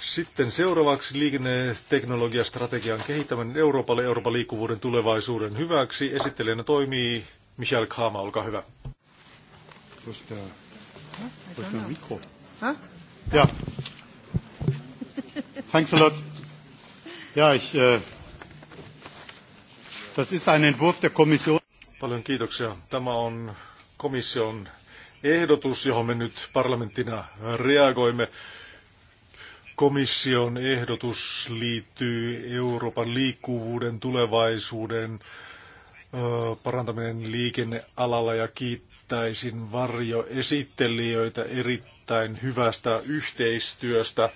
Sitten seuraavaksi liikenneteknologiastrategian kehittäminen Euroopalle Euroopan liikkuvuuden tulevaisuuden hyväksi. Esittelijänä toimii Michael Kama, olkaa hyvä. Koska Huh? I don't know. Huh? Thanks a lot. Ja, ich, äh, das ist ein Entwurf der Kommission. Paljon kiitoksia. Tämä on komission ehdotus, johon me nyt parlamenttina reagoimme. Komission ehdotus liittyy Euroopan liikkuvuuden tulevaisuuden parantaminen liikennealalla ja kiittää kiittäisin varjoesittelijöitä erittäin hyvästä yhteistyöstä.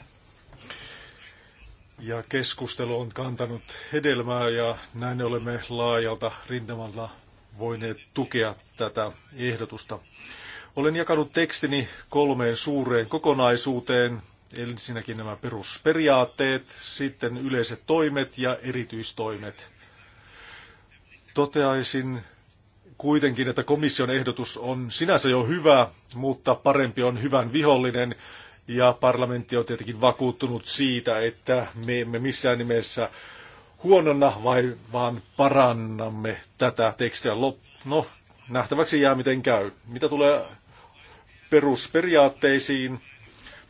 Ja keskustelu on kantanut hedelmää ja näin olemme laajalta rintamalla voineet tukea tätä ehdotusta. Olen jakanut tekstini kolmeen suureen kokonaisuuteen. Ensinnäkin nämä perusperiaatteet, sitten yleiset toimet ja erityistoimet. Toteaisin, kuitenkin, että komission ehdotus on sinänsä jo hyvä, mutta parempi on hyvän vihollinen. Ja parlamentti on tietenkin vakuuttunut siitä, että me emme missään nimessä huononna, vai vaan parannamme tätä tekstiä. No, nähtäväksi jää miten käy. Mitä tulee perusperiaatteisiin,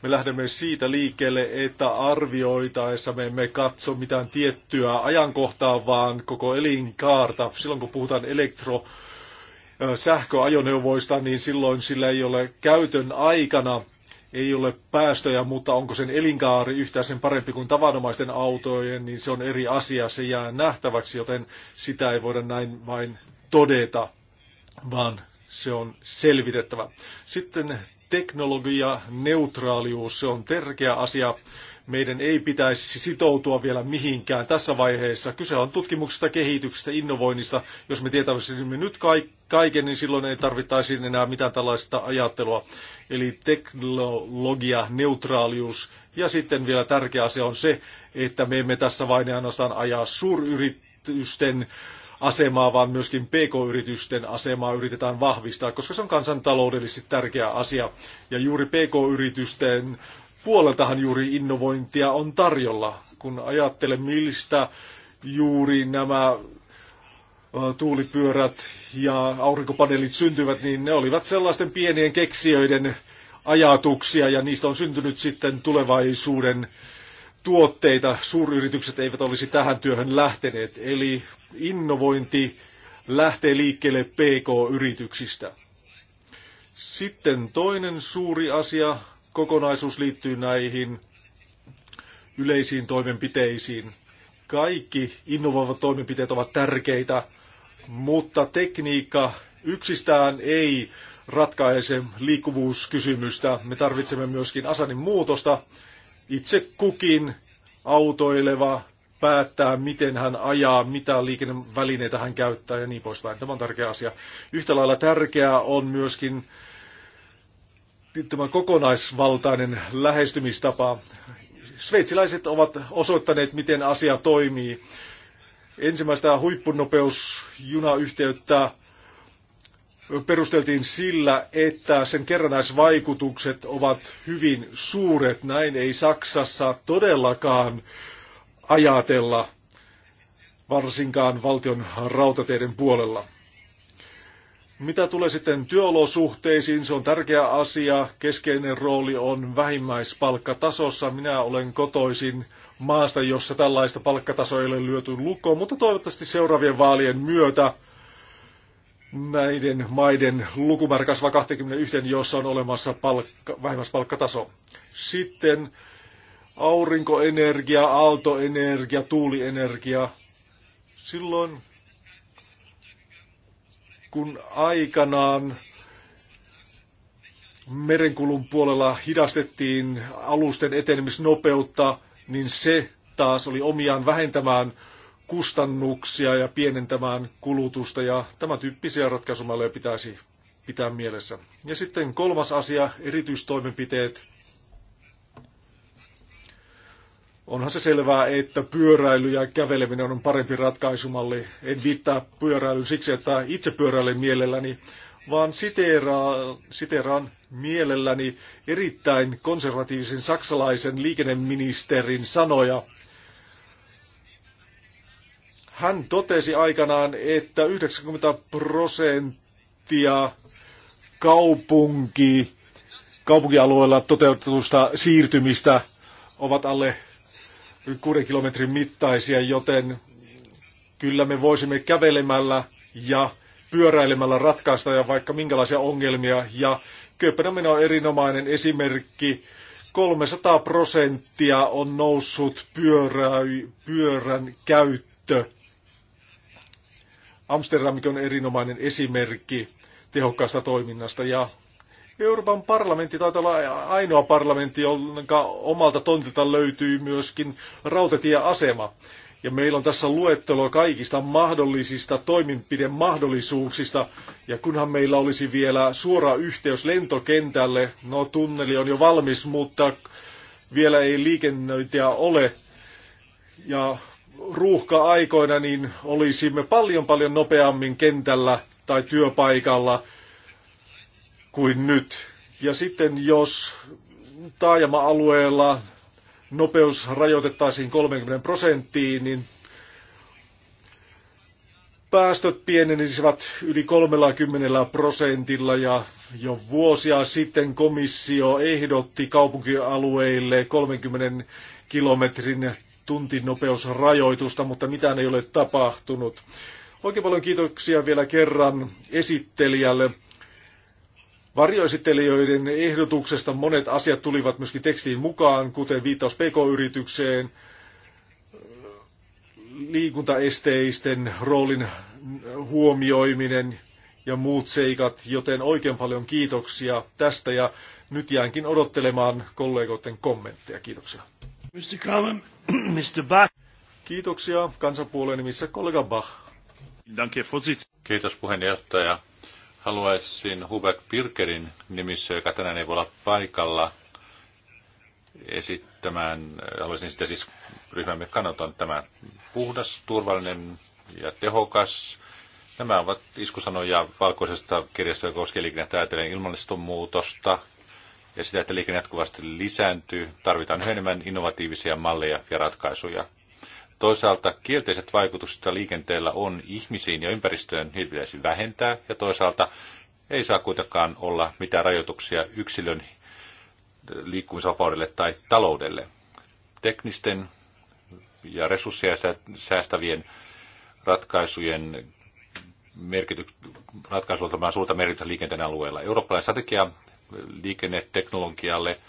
me lähdemme siitä liikkeelle, että arvioitaessa me emme katso mitään tiettyä ajankohtaa, vaan koko elinkaarta. Silloin kun puhutaan elektro sähköajoneuvoista, niin silloin sillä ei ole käytön aikana ei ole päästöjä, mutta onko sen elinkaari yhtään sen parempi kuin tavanomaisten autojen, niin se on eri asia, se jää nähtäväksi, joten sitä ei voida näin vain todeta, vaan se on selvitettävä. Sitten teknologia, neutraalius, se on tärkeä asia. Meidän ei pitäisi sitoutua vielä mihinkään tässä vaiheessa. Kyse on tutkimuksesta, kehityksestä, innovoinnista. Jos me tietäisimme nyt kaiken, niin silloin ei tarvittaisi enää mitään tällaista ajattelua. Eli teknologia, neutraalius. Ja sitten vielä tärkeä asia on se, että me emme tässä vain ainoastaan ajaa suuryritysten asemaa, vaan myöskin PK-yritysten asemaa yritetään vahvistaa, koska se on kansantaloudellisesti tärkeä asia. Ja juuri PK-yritysten puoleltahan juuri innovointia on tarjolla. Kun ajattelen, mistä juuri nämä tuulipyörät ja aurinkopaneelit syntyvät, niin ne olivat sellaisten pienien keksijöiden ajatuksia ja niistä on syntynyt sitten tulevaisuuden tuotteita. Suuryritykset eivät olisi tähän työhön lähteneet, eli innovointi lähtee liikkeelle PK-yrityksistä. Sitten toinen suuri asia kokonaisuus liittyy näihin yleisiin toimenpiteisiin. Kaikki innovoivat toimenpiteet ovat tärkeitä, mutta tekniikka yksistään ei ratkaise liikkuvuuskysymystä. Me tarvitsemme myöskin asanin muutosta. Itse kukin autoileva päättää, miten hän ajaa, mitä liikennevälineitä hän käyttää ja niin poispäin. Tämä on tärkeä asia. Yhtä lailla tärkeää on myöskin tämä kokonaisvaltainen lähestymistapa. Sveitsiläiset ovat osoittaneet, miten asia toimii. Ensimmäistä huippunopeusjunayhteyttä perusteltiin sillä, että sen kerrannaisvaikutukset ovat hyvin suuret. Näin ei Saksassa todellakaan ajatella, varsinkaan valtion rautateiden puolella. Mitä tulee sitten työolosuhteisiin, se on tärkeä asia. Keskeinen rooli on vähimmäispalkkatasossa. Minä olen kotoisin maasta, jossa tällaista palkkatasoa ei ole lyöty lukkoon, mutta toivottavasti seuraavien vaalien myötä näiden maiden lukumäärä kasvaa 21, jossa on olemassa palkka, vähimmäispalkkataso. Sitten aurinkoenergia, aaltoenergia, tuulienergia. Silloin kun aikanaan merenkulun puolella hidastettiin alusten etenemisnopeutta, niin se taas oli omiaan vähentämään kustannuksia ja pienentämään kulutusta ja tämä tyyppisiä ratkaisumalleja pitäisi pitää mielessä. Ja sitten kolmas asia, erityistoimenpiteet. Onhan se selvää, että pyöräily ja käveleminen on parempi ratkaisumalli. En viittaa pyöräilyyn siksi, että itse pyöräilen mielelläni, vaan siteeraan, siteeraan mielelläni erittäin konservatiivisen saksalaisen liikenneministerin sanoja. Hän totesi aikanaan, että 90 prosenttia kaupunki, kaupunkialueella toteutetusta siirtymistä ovat alle kuuden mittaisia, joten kyllä me voisimme kävelemällä ja pyöräilemällä ratkaista ja vaikka minkälaisia ongelmia. Ja Kööpenhamina on erinomainen esimerkki. 300 prosenttia on noussut pyörä, pyörän käyttö. Amsterdamkin on erinomainen esimerkki tehokkaasta toiminnasta ja Euroopan parlamentti taitaa olla ainoa parlamentti, jonka omalta tontilta löytyy myöskin rautatieasema. Ja meillä on tässä luettelo kaikista mahdollisista toimenpidemahdollisuuksista. Ja kunhan meillä olisi vielä suora yhteys lentokentälle, no tunneli on jo valmis, mutta vielä ei liikennöintiä ole. Ja ruuhka-aikoina niin olisimme paljon paljon nopeammin kentällä tai työpaikalla – kuin nyt. Ja sitten jos taajama-alueella nopeus rajoitettaisiin 30 prosenttiin, niin päästöt pienenisivät yli 30 prosentilla ja jo vuosia sitten komissio ehdotti kaupunkialueille 30 kilometrin tuntinopeusrajoitusta, mutta mitään ei ole tapahtunut. Oikein paljon kiitoksia vielä kerran esittelijälle varjoesittelijöiden ehdotuksesta monet asiat tulivat myöskin tekstiin mukaan, kuten viittaus PK-yritykseen, liikuntaesteisten roolin huomioiminen ja muut seikat, joten oikein paljon kiitoksia tästä ja nyt jäänkin odottelemaan kollegoiden kommentteja. Kiitoksia. Mr. Kramer, Mr. Bach. Kiitoksia kansanpuolueen nimissä kollega Bach. Kiitos puheenjohtaja haluaisin Hubert Pirkerin nimissä, joka tänään ei voi olla paikalla, esittämään, haluaisin sitä siis ryhmämme kannalta tämä puhdas, turvallinen ja tehokas. Nämä ovat iskusanoja valkoisesta kirjasta, joka koskee liikennettä ajatellen ilmallistonmuutosta ja sitä, että liikenne jatkuvasti lisääntyy. Tarvitaan enemmän innovatiivisia malleja ja ratkaisuja. Toisaalta kielteiset vaikutukset, joita liikenteellä on ihmisiin ja ympäristöön, niitä pitäisi vähentää. Ja toisaalta ei saa kuitenkaan olla mitään rajoituksia yksilön liikkumisvapaudelle tai taloudelle. Teknisten ja resursseja säästävien ratkaisujen merkityk- ratkaisuilta suurta merkitystä liikenteen alueella. Eurooppalainen strategia liikenneteknologialle –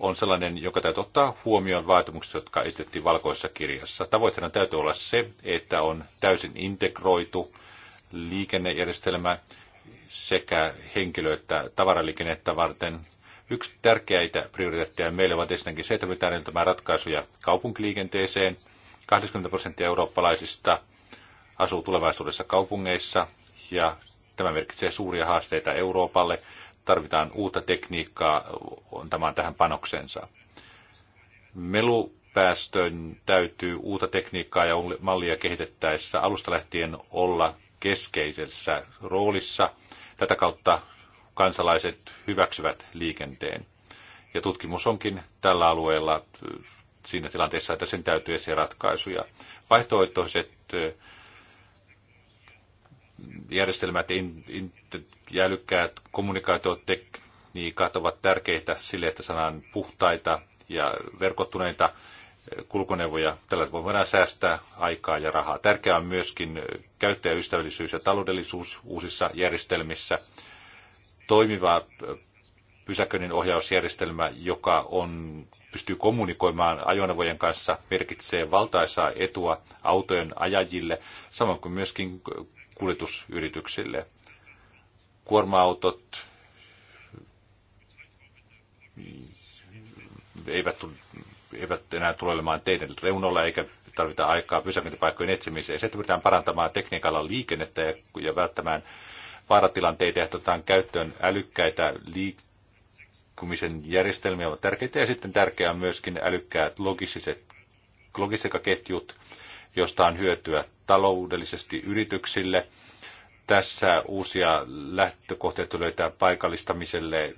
on sellainen, joka täytyy ottaa huomioon vaatimukset, jotka esitettiin valkoisessa kirjassa. Tavoitteena täytyy olla se, että on täysin integroitu liikennejärjestelmä sekä henkilö- että tavaraliikennettä varten. Yksi tärkeitä prioriteetteja meille ovat ensinnäkin se, että pitää löytämään ratkaisuja kaupunkiliikenteeseen. 80 prosenttia eurooppalaisista asuu tulevaisuudessa kaupungeissa ja tämä merkitsee suuria haasteita Euroopalle tarvitaan uutta tekniikkaa antamaan tähän panoksensa. Melupäästöön täytyy uutta tekniikkaa ja mallia kehitettäessä alusta lähtien olla keskeisessä roolissa. Tätä kautta kansalaiset hyväksyvät liikenteen. Ja tutkimus onkin tällä alueella äh, siinä tilanteessa, että sen täytyy etsiä ratkaisuja. Vaihtoehtoiset äh, järjestelmät in, in, ja kommunikaatiotekniikat ovat tärkeitä sille, että saadaan puhtaita ja verkottuneita kulkuneuvoja. Tällä voidaan säästää aikaa ja rahaa. Tärkeää on myöskin käyttäjäystävällisyys ja taloudellisuus uusissa järjestelmissä. Toimiva pysäköinnin ohjausjärjestelmä, joka on, pystyy kommunikoimaan ajoneuvojen kanssa, merkitsee valtaisaa etua autojen ajajille, samoin kuin myöskin kuljetusyrityksille. Kuorma-autot eivät, eivät enää tule olemaan teidän reunoilla eikä tarvita aikaa pysäköintipaikkojen etsimiseen. Se, että pyritään parantamaan tekniikalla liikennettä ja, ja välttämään vaaratilanteita ja otetaan käyttöön älykkäitä liikkumisen järjestelmiä ovat tärkeitä. Ja sitten tärkeää on myöskin älykkäät logistiset, logistiikkaketjut, josta on hyötyä taloudellisesti yrityksille. Tässä uusia lähtökohtia löytää paikallistamiselle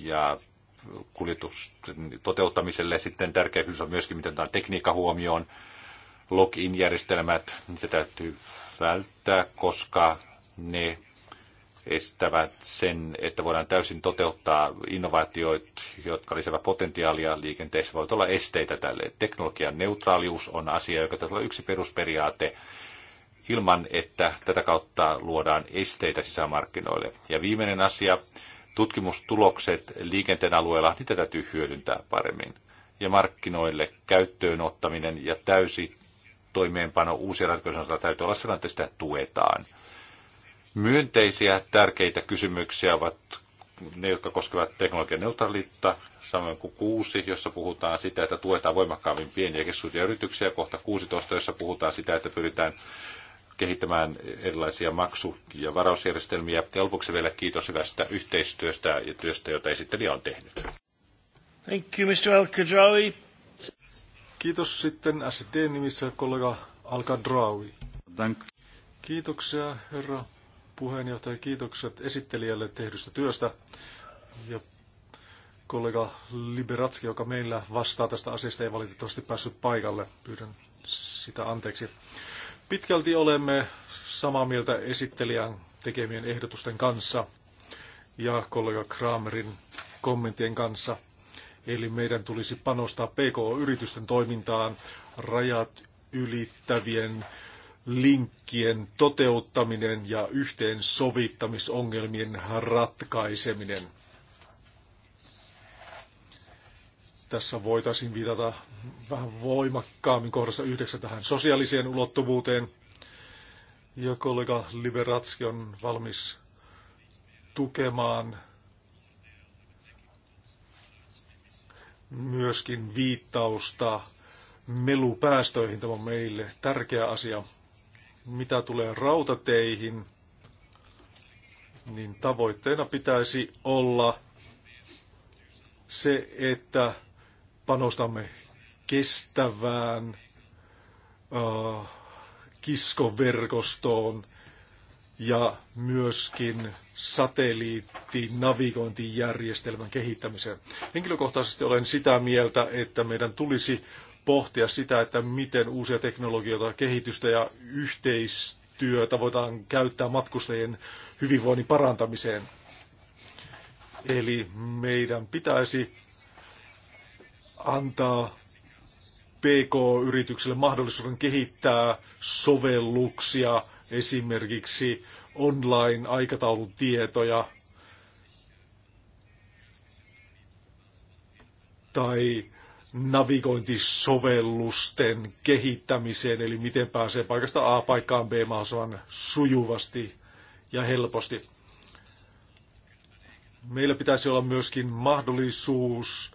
ja kuljetusten toteuttamiselle. Sitten tärkeä kysymys on myöskin, miten tämä tekniikka huomioon. Login-järjestelmät, niitä täytyy välttää, koska ne estävät sen, että voidaan täysin toteuttaa innovaatioit, jotka lisäävät potentiaalia liikenteessä. Voi olla esteitä tälle. Teknologian neutraalius on asia, joka täytyy olla yksi perusperiaate ilman, että tätä kautta luodaan esteitä sisämarkkinoille. Ja viimeinen asia, tutkimustulokset liikenteen alueella, niitä täytyy hyödyntää paremmin. Ja markkinoille käyttöön ottaminen ja täysi toimeenpano uusia ratkaisuja täytyy olla sellainen, että sitä tuetaan. Myönteisiä tärkeitä kysymyksiä ovat ne, jotka koskevat teknologian neutraaliutta, samoin kuin kuusi, jossa puhutaan sitä, että tuetaan voimakkaammin pieniä ja keskisuuria yrityksiä, kohta 16, jossa puhutaan sitä, että pyritään kehittämään erilaisia maksu- ja varausjärjestelmiä. Ja lopuksi vielä kiitos hyvästä yhteistyöstä ja työstä, jota esittelijä on tehnyt. Thank you, Mr. al -Kadrawi. Kiitos sitten SD-nimissä kollega al -Kadrawi. Thank. Kiitoksia, herra puheenjohtaja. Kiitokset esittelijälle tehdystä työstä ja kollega Liberatski, joka meillä vastaa tästä asiasta, ei valitettavasti päässyt paikalle. Pyydän sitä anteeksi. Pitkälti olemme samaa mieltä esittelijän tekemien ehdotusten kanssa ja kollega Kramerin kommenttien kanssa. Eli meidän tulisi panostaa PK-yritysten toimintaan rajat ylittävien linkkien toteuttaminen ja yhteensovittamisongelmien ratkaiseminen. Tässä voitaisiin viitata vähän voimakkaammin kohdassa yhdeksän tähän sosiaaliseen ulottuvuuteen. Ja kollega Liberatski on valmis tukemaan myöskin viittausta melupäästöihin. Tämä on meille tärkeä asia. Mitä tulee rautateihin, niin tavoitteena pitäisi olla se, että panostamme kestävään äh, kiskoverkostoon ja myöskin satelliittinavigointijärjestelmän kehittämiseen. Henkilökohtaisesti olen sitä mieltä, että meidän tulisi pohtia sitä, että miten uusia teknologioita, kehitystä ja yhteistyötä voidaan käyttää matkustajien hyvinvoinnin parantamiseen. Eli meidän pitäisi antaa PK-yritykselle mahdollisuuden kehittää sovelluksia, esimerkiksi online-aikataulutietoja tai navigointisovellusten kehittämiseen, eli miten pääsee paikasta A paikkaan B mahdollisimman sujuvasti ja helposti. Meillä pitäisi olla myöskin mahdollisuus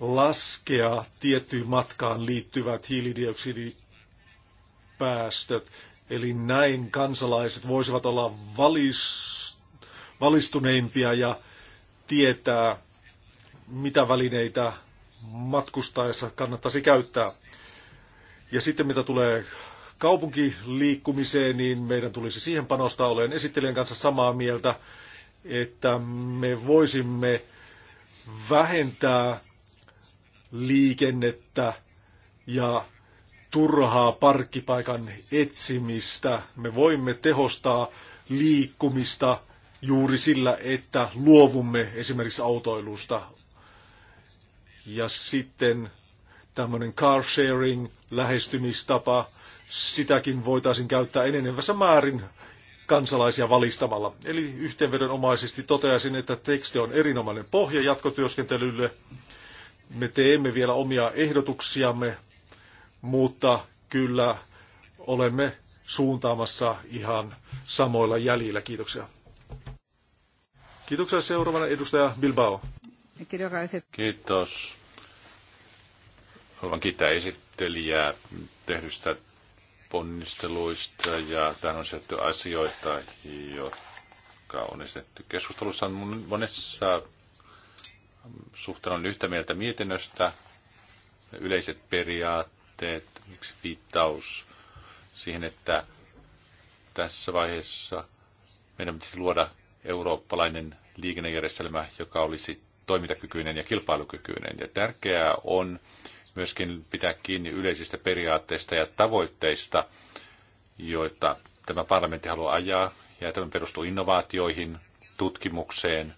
laskea tiettyyn matkaan liittyvät hiilidioksidipäästöt. Eli näin kansalaiset voisivat olla valis, valistuneimpia ja tietää, mitä välineitä matkustaessa kannattaisi käyttää. Ja sitten mitä tulee kaupunkiliikkumiseen, niin meidän tulisi siihen panostaa. Olen esittelijän kanssa samaa mieltä, että me voisimme vähentää liikennettä ja turhaa parkkipaikan etsimistä. Me voimme tehostaa liikkumista juuri sillä, että luovumme esimerkiksi autoilusta. Ja sitten tämmöinen car sharing lähestymistapa, sitäkin voitaisiin käyttää enenevässä määrin kansalaisia valistamalla. Eli yhteenvedonomaisesti toteaisin, että teksti on erinomainen pohja jatkotyöskentelylle. Me teemme vielä omia ehdotuksiamme, mutta kyllä olemme suuntaamassa ihan samoilla jäljillä. Kiitoksia. Kiitoksia seuraavana edustaja Bilbao. Kiitos. Haluan kiittää esittelijää tehdystä ponnisteluista ja tähän on sieltä asioita, jotka on esitetty keskustelussa. monessa suhteen on yhtä mieltä mietinnöstä, yleiset periaatteet, miksi viittaus siihen, että tässä vaiheessa meidän pitäisi luoda eurooppalainen liikennejärjestelmä, joka olisi toimintakykyinen ja kilpailukykyinen. Ja tärkeää on myöskin pitää kiinni yleisistä periaatteista ja tavoitteista, joita tämä parlamentti haluaa ajaa. Ja tämä perustuu innovaatioihin, tutkimukseen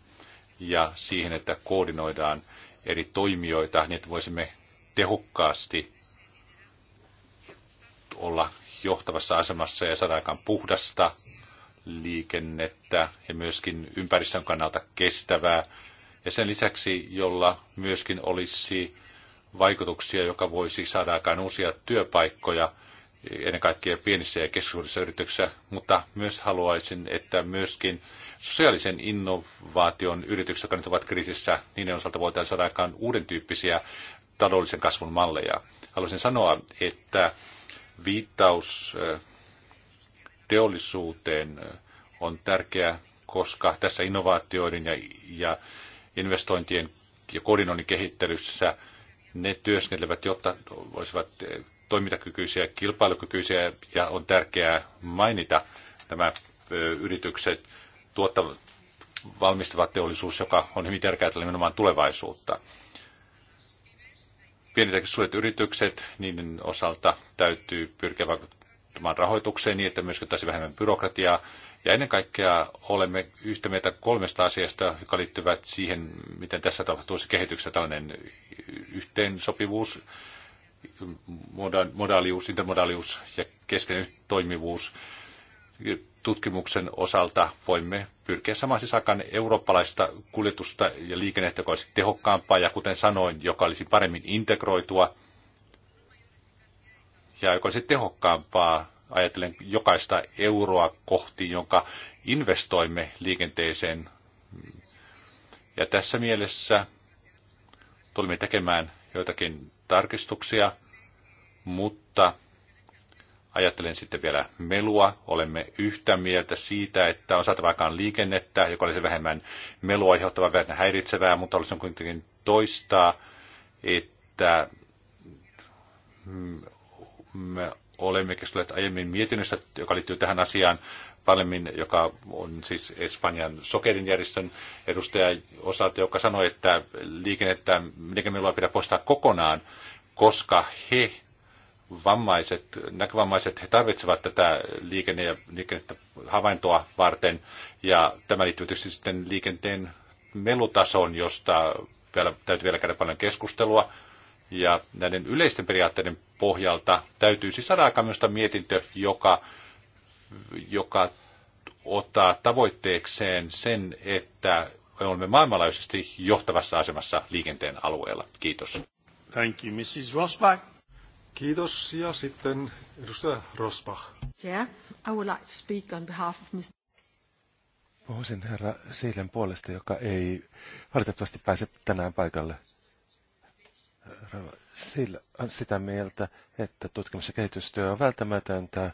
ja siihen, että koordinoidaan eri toimijoita, niin että voisimme tehokkaasti olla johtavassa asemassa ja saada aikaan puhdasta liikennettä ja myöskin ympäristön kannalta kestävää ja sen lisäksi, jolla myöskin olisi vaikutuksia, joka voisi saada aikaan uusia työpaikkoja, ennen kaikkea pienissä ja keskisuurissa yrityksissä, mutta myös haluaisin, että myöskin sosiaalisen innovaation yritykset, jotka nyt ovat kriisissä, niiden osalta voitaisiin saada aikaan uuden tyyppisiä taloudellisen kasvun malleja. Haluaisin sanoa, että viittaus teollisuuteen on tärkeä, koska tässä innovaatioiden ja, ja investointien ja koordinoinnin kehittelyssä ne työskentelevät, jotta voisivat toimintakykyisiä, kilpailukykyisiä ja on tärkeää mainita nämä yritykset, tuottavat, valmistava teollisuus, joka on hyvin tärkeää nimenomaan tulevaisuutta. Pienet ja suuret yritykset, niiden osalta täytyy pyrkiä vaikuttamaan rahoitukseen niin, että myös taisi vähemmän byrokratiaa ja ennen kaikkea olemme yhtä mieltä kolmesta asiasta, jotka liittyvät siihen, miten tässä tapahtuisi kehityksessä tällainen yhteensopivuus, modaalius, intermodaalius ja keskeinen toimivuus. Tutkimuksen osalta voimme pyrkiä samaan sisäkaan eurooppalaista kuljetusta ja liikennettä, joka olisi tehokkaampaa ja kuten sanoin, joka olisi paremmin integroitua ja joka olisi tehokkaampaa ajatellen jokaista euroa kohti, jonka investoimme liikenteeseen. Ja tässä mielessä tulimme tekemään joitakin tarkistuksia, mutta ajattelen sitten vielä melua. Olemme yhtä mieltä siitä, että on saatava aikaan liikennettä, joka olisi vähemmän melua aiheuttava, vähän häiritsevää, mutta olisi kuitenkin toistaa, että mm, me olemme keskustelleet aiemmin mietinnöstä, joka liittyy tähän asiaan paremmin, joka on siis Espanjan sokerinjärjestön edustaja osalta, joka sanoi, että liikennettä liikennemielua pidä poistaa kokonaan, koska he vammaiset, näkövammaiset, he tarvitsevat tätä liikenne- ja liikennettä havaintoa varten, ja tämä liittyy tietysti sitten liikenteen melutasoon, josta vielä, täytyy vielä käydä paljon keskustelua, ja näiden yleisten periaatteiden pohjalta täytyy siis saada aikaan myös mietintö, joka, joka ottaa tavoitteekseen sen, että olemme maailmanlaajuisesti johtavassa asemassa liikenteen alueella. Kiitos. Thank you, Mrs. Rosbach. Kiitos. Ja sitten edustaja Rosbach. Yeah, I would like to speak on behalf of Mr. Puhuisin herra Siilen puolesta, joka ei valitettavasti pääse tänään paikalle on sitä mieltä, että tutkimus- ja kehitystyö on välttämätöntä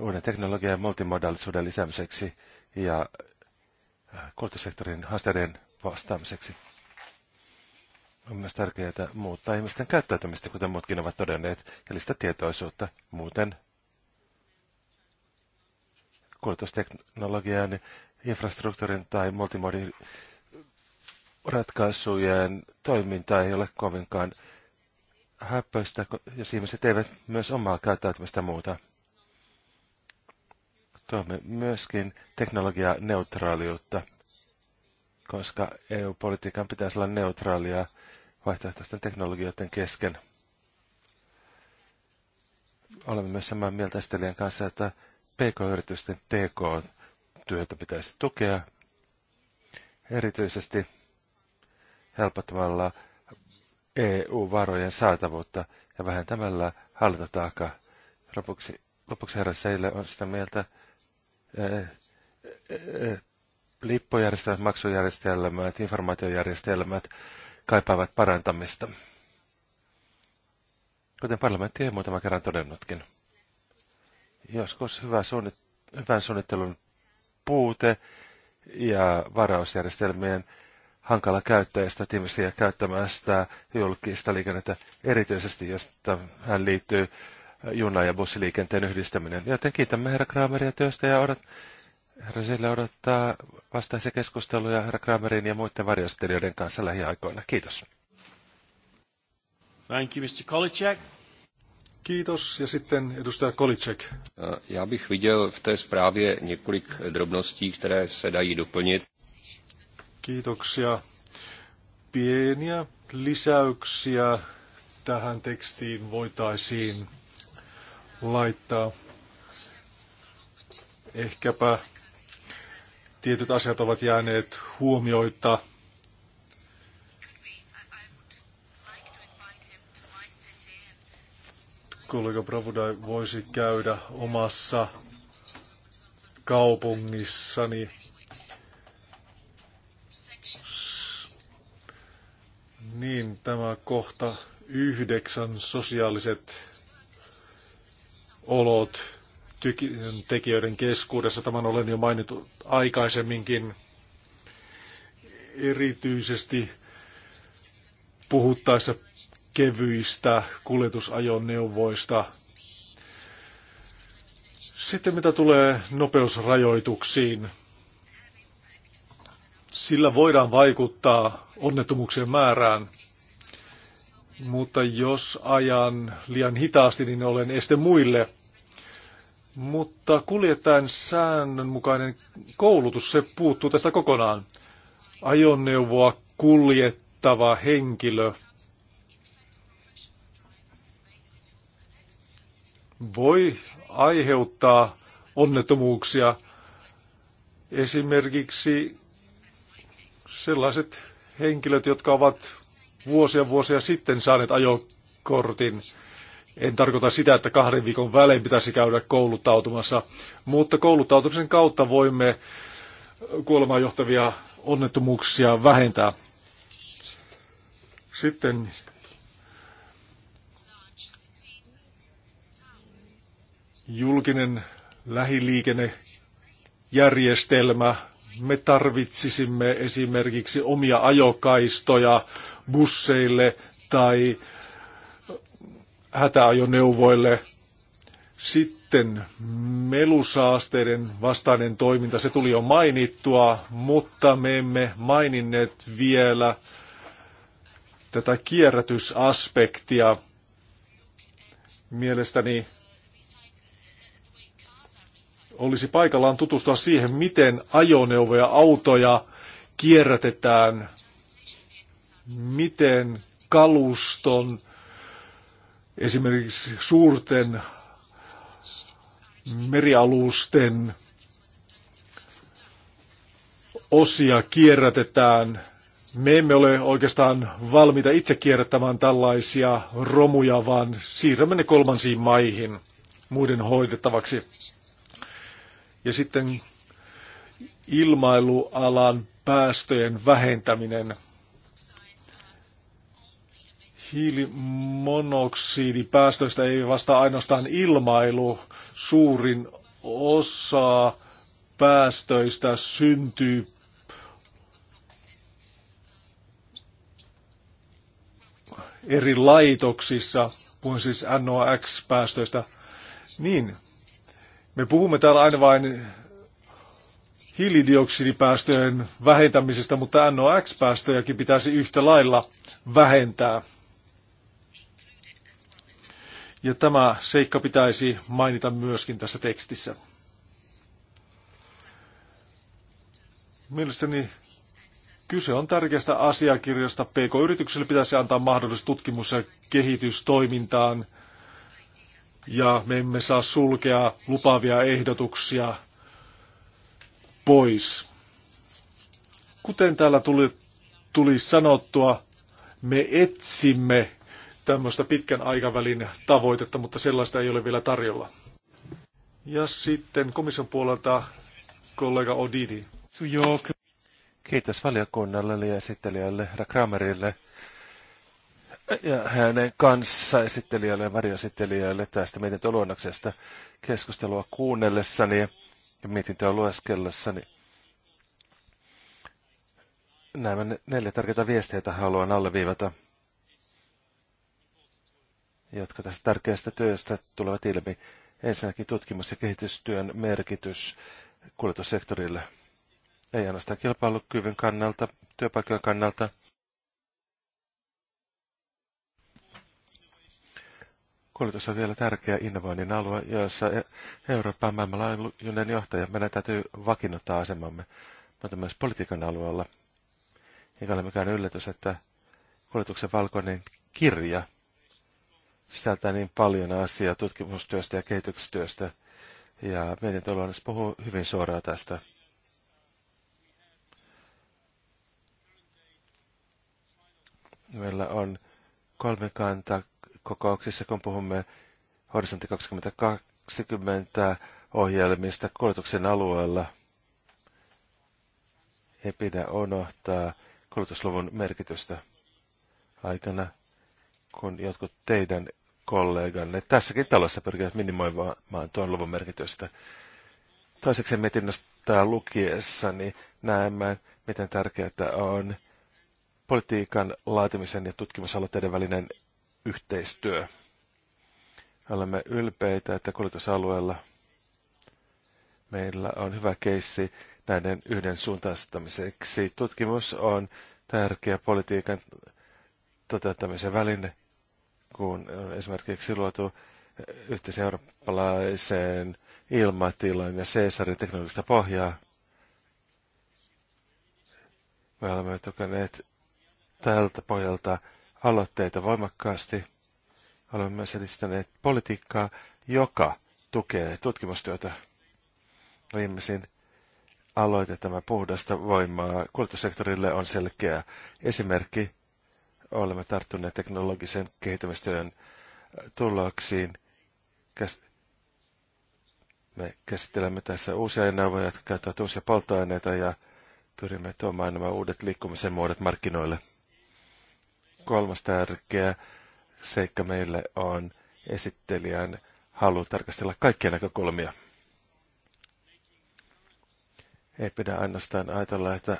uuden teknologian ja multimodaalisuuden lisäämiseksi ja äh, kulttuurisektorin haasteiden vastaamiseksi. On myös tärkeää muuttaa ihmisten käyttäytymistä, kuten muutkin ovat todenneet, ja lisätä tietoisuutta. Muuten kulttuuristeknologian, infrastruktuurin tai multimodin ratkaisujen toiminta ei ole kovinkaan häppöistä, jos ihmiset eivät myös omaa käyttäytymistä muuta. Tuomme myöskin teknologianeutraaliutta, koska EU-politiikan pitäisi olla neutraalia vaihtoehtoisten teknologioiden kesken. Olemme myös samaa mieltä Estelian kanssa, että PK-yritysten TK-työtä pitäisi tukea, erityisesti helpottamalla EU-varojen saatavuutta ja vähentämällä hallintotaakaa. Lopuksi, lopuksi herra Seille on sitä mieltä, e, e, e, lippujärjestelmät, maksujärjestelmät, informaatiojärjestelmät kaipaavat parantamista. Kuten parlamentti ei muutama kerran todennutkin. Joskus hyvä suunnit- hyvän suunnittelun puute ja varausjärjestelmien hankala käyttäjästä ihmisiä käyttämään sitä julkista liikennettä, erityisesti jos tähän liittyy juna- ja bussiliikenteen yhdistäminen. Joten kiitämme herra Krameria työstä ja odot, herra Sille odottaa vastaisia keskusteluja herra Kramerin ja muiden varjostelijoiden kanssa lähiaikoina. Kiitos. Thank you, Mr. Kolicek. Kiitos. Ja sitten edustaja Kolicek. Eh, já bych viděl v té zprávě několik drobností, které se dají doplnit. Kiitoksia. Pieniä lisäyksiä tähän tekstiin voitaisiin laittaa. Ehkäpä tietyt asiat ovat jääneet huomioita. Kollega Bravudai voisi käydä omassa kaupungissani Niin, tämä kohta yhdeksän sosiaaliset olot tekijöiden keskuudessa. Tämän olen jo mainittu aikaisemminkin. Erityisesti puhuttaessa kevyistä kuljetusajoneuvoista. Sitten mitä tulee nopeusrajoituksiin – sillä voidaan vaikuttaa onnettomuuksien määrään, mutta jos ajan liian hitaasti, niin olen este muille. Mutta kuljettajan säännönmukainen koulutus, se puuttuu tästä kokonaan. Ajoneuvoa kuljettava henkilö voi aiheuttaa onnettomuuksia. Esimerkiksi sellaiset henkilöt, jotka ovat vuosia vuosia sitten saaneet ajokortin. En tarkoita sitä, että kahden viikon välein pitäisi käydä kouluttautumassa, mutta kouluttautumisen kautta voimme kuolemaan johtavia onnettomuuksia vähentää. Sitten julkinen lähiliikennejärjestelmä me tarvitsisimme esimerkiksi omia ajokaistoja busseille tai hätäajoneuvoille. Sitten melusaasteiden vastainen toiminta, se tuli jo mainittua, mutta me emme maininneet vielä tätä kierrätysaspektia. Mielestäni olisi paikallaan tutustua siihen, miten ajoneuvoja, autoja kierrätetään, miten kaluston, esimerkiksi suurten merialusten osia kierrätetään. Me emme ole oikeastaan valmiita itse kierrättämään tällaisia romuja, vaan siirrämme ne kolmansiin maihin muiden hoidettavaksi. Ja sitten ilmailualan päästöjen vähentäminen. Hiilimonoksidipäästöistä ei vasta ainoastaan ilmailu. Suurin osa päästöistä syntyy eri laitoksissa, kuin siis NOx-päästöistä, niin me puhumme täällä aina vain hiilidioksidipäästöjen vähentämisestä, mutta NOx-päästöjäkin pitäisi yhtä lailla vähentää. Ja tämä seikka pitäisi mainita myöskin tässä tekstissä. Mielestäni kyse on tärkeästä asiakirjasta. PK-yrityksille pitäisi antaa mahdollisuus tutkimus- ja kehitystoimintaan – ja me emme saa sulkea lupaavia ehdotuksia pois. Kuten täällä tuli, tuli sanottua, me etsimme tämmöistä pitkän aikavälin tavoitetta, mutta sellaista ei ole vielä tarjolla. Ja sitten komission puolelta kollega Odidi. Kiitos valiokunnalle ja esittelijälle herra Kramerille ja hänen kanssa esittelijöille ja varjoesittelijöille tästä mietintöluonnoksesta keskustelua kuunnellessani ja mietintöä lueskellessani. Nämä neljä tärkeitä viesteitä joita haluan alleviivata, jotka tästä tärkeästä työstä tulevat ilmi. Ensinnäkin tutkimus- ja kehitystyön merkitys kuljetussektorille. Ei ainoastaan kilpailukyvyn kannalta, työpaikkojen kannalta, Kuljetus on vielä tärkeä innovoinnin alue, jossa e- Euroopan maailmanlaajuinen johtaja. Meidän täytyy vakiinnuttaa asemamme, mutta myös politiikan alueella. Eikä ole mikään yllätys, että kuljetuksen valkoinen kirja sisältää niin paljon asiaa tutkimustyöstä ja kehitystyöstä. Ja mietintöluonnos puhuu hyvin suoraan tästä. Meillä on kolme kanta kokouksissa, kun puhumme Horisontti 2020 ohjelmista kulutuksen alueella. Ei pidä unohtaa kulutusluvun merkitystä aikana, kun jotkut teidän kolleganne tässäkin talossa pyrkivät minimoimaan tuon luvun merkitystä. Toiseksi mietinnöstä lukiessani niin näemme, miten tärkeää on politiikan laatimisen ja tutkimusaloitteiden välinen yhteistyö. Olemme ylpeitä, että kuljetusalueella meillä on hyvä keissi näiden yhden suuntaistamiseksi. Tutkimus on tärkeä politiikan toteuttamisen väline, kun on esimerkiksi luotu yhteisen eurooppalaiseen ilmatilan ja Caesarin teknologista pohjaa. Me olemme tukeneet tältä pohjalta aloitteita voimakkaasti. Olemme myös edistäneet politiikkaa, joka tukee tutkimustyötä. Viimeisin aloite tämä puhdasta voimaa kulttuurisektorille on selkeä esimerkki. Olemme tarttuneet teknologisen kehittämistyön tuloksiin. Me käsittelemme tässä uusia neuvoja, jotka käyttävät uusia polttoaineita ja pyrimme tuomaan nämä uudet liikkumisen muodot markkinoille. Kolmas tärkeä seikka meille on esittelijän halu tarkastella kaikkia näkökulmia. Ei pidä ainoastaan ajatella, että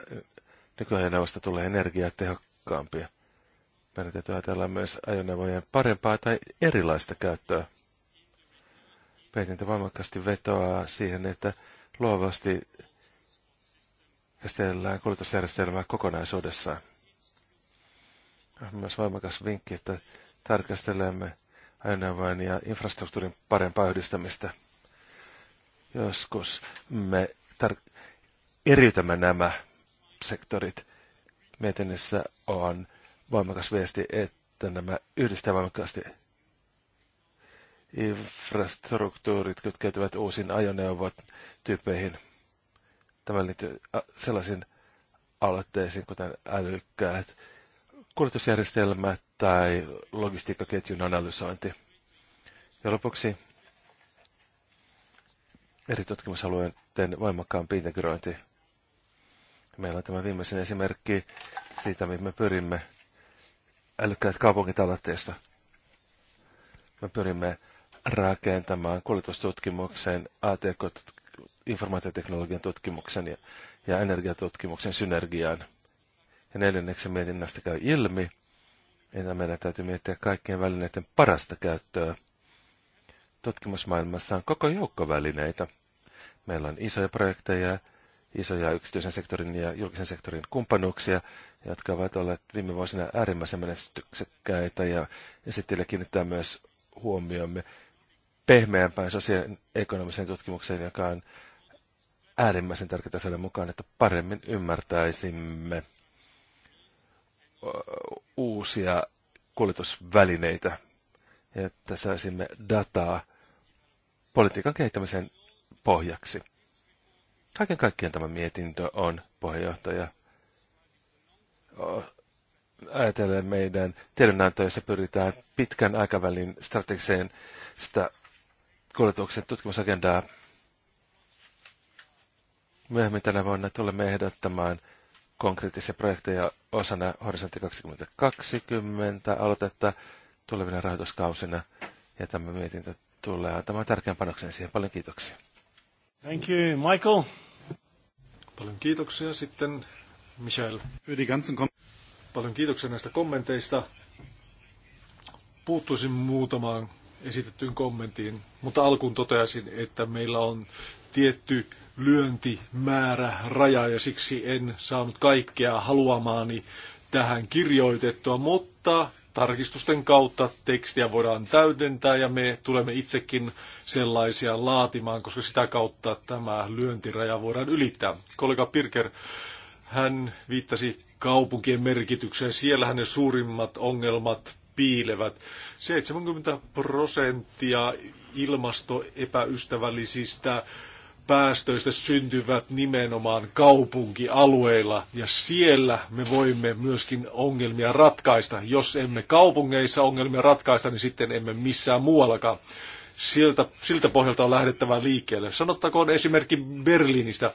nykyajoneuvosta tulee energiatehokkaampia. Meidän täytyy ajatella myös ajoneuvojen parempaa tai erilaista käyttöä. Mietintä voimakkaasti vetoaa siihen, että luovasti käsitellään kuljetusjärjestelmää kokonaisuudessaan on myös voimakas vinkki, että tarkastelemme ajoneuvojen ja infrastruktuurin parempaa yhdistämistä. Joskus me tar- eriytämme nämä sektorit. Mietinnissä on voimakas viesti, että nämä yhdistää voimakkaasti infrastruktuurit kytkeytyvät uusiin tyyppeihin Tämä liittyy sellaisiin aloitteisiin, kuten älykkäät kuljetusjärjestelmä tai logistiikkaketjun analysointi. Ja lopuksi eri tutkimusalueiden voimakkaampi integrointi. Meillä on tämä viimeisin esimerkki siitä, mihin me pyrimme älykkäät kaupungit aloitteesta. Me pyrimme rakentamaan kuljetustutkimuksen, ATK-informaatioteknologian tutkimuksen ja, ja energiatutkimuksen synergiaan – ja neljänneksi mietinnästä käy ilmi, että meidän täytyy miettiä kaikkien välineiden parasta käyttöä. Tutkimusmaailmassa on koko joukko välineitä. Meillä on isoja projekteja, isoja yksityisen sektorin ja julkisen sektorin kumppanuuksia, jotka ovat olleet viime vuosina äärimmäisen menestyksekkäitä ja esittelijä kiinnittää myös huomiomme pehmeämpään sosioekonomiseen tutkimukseen, joka on äärimmäisen tärkeää saada mukaan, että paremmin ymmärtäisimme uusia kuljetusvälineitä, että saisimme dataa politiikan kehittämisen pohjaksi. Kaiken kaikkiaan tämä mietintö on, puheenjohtaja, ajatellen meidän tiedonantoja, jossa pyritään pitkän aikavälin strategiseen sitä kuljetuksen tutkimusagendaa. Myöhemmin tänä vuonna tulemme ehdottamaan – konkreettisia projekteja osana Horisontti 2020 aloitetta tulevina rahoituskausina. Ja tämä mietintö tulee antamaan tärkeän panoksen siihen. Paljon kiitoksia. Thank you, Michael. Paljon kiitoksia sitten, Michel. Paljon kiitoksia näistä kommenteista. Puuttuisin muutamaan esitettyyn kommenttiin, mutta alkuun toteaisin, että meillä on tietty lyöntimäärä raja ja siksi en saanut kaikkea haluamaani tähän kirjoitettua, mutta tarkistusten kautta tekstiä voidaan täydentää ja me tulemme itsekin sellaisia laatimaan, koska sitä kautta tämä lyöntiraja voidaan ylittää. Kollega Pirker, hän viittasi kaupunkien merkitykseen. siellä ne suurimmat ongelmat piilevät. 70 prosenttia ilmastoepäystävällisistä epäystävällisistä päästöistä syntyvät nimenomaan kaupunkialueilla ja siellä me voimme myöskin ongelmia ratkaista. Jos emme kaupungeissa ongelmia ratkaista, niin sitten emme missään muuallakaan. Siltä, siltä pohjalta on lähdettävä liikkeelle. Sanottakoon esimerkki Berliinistä.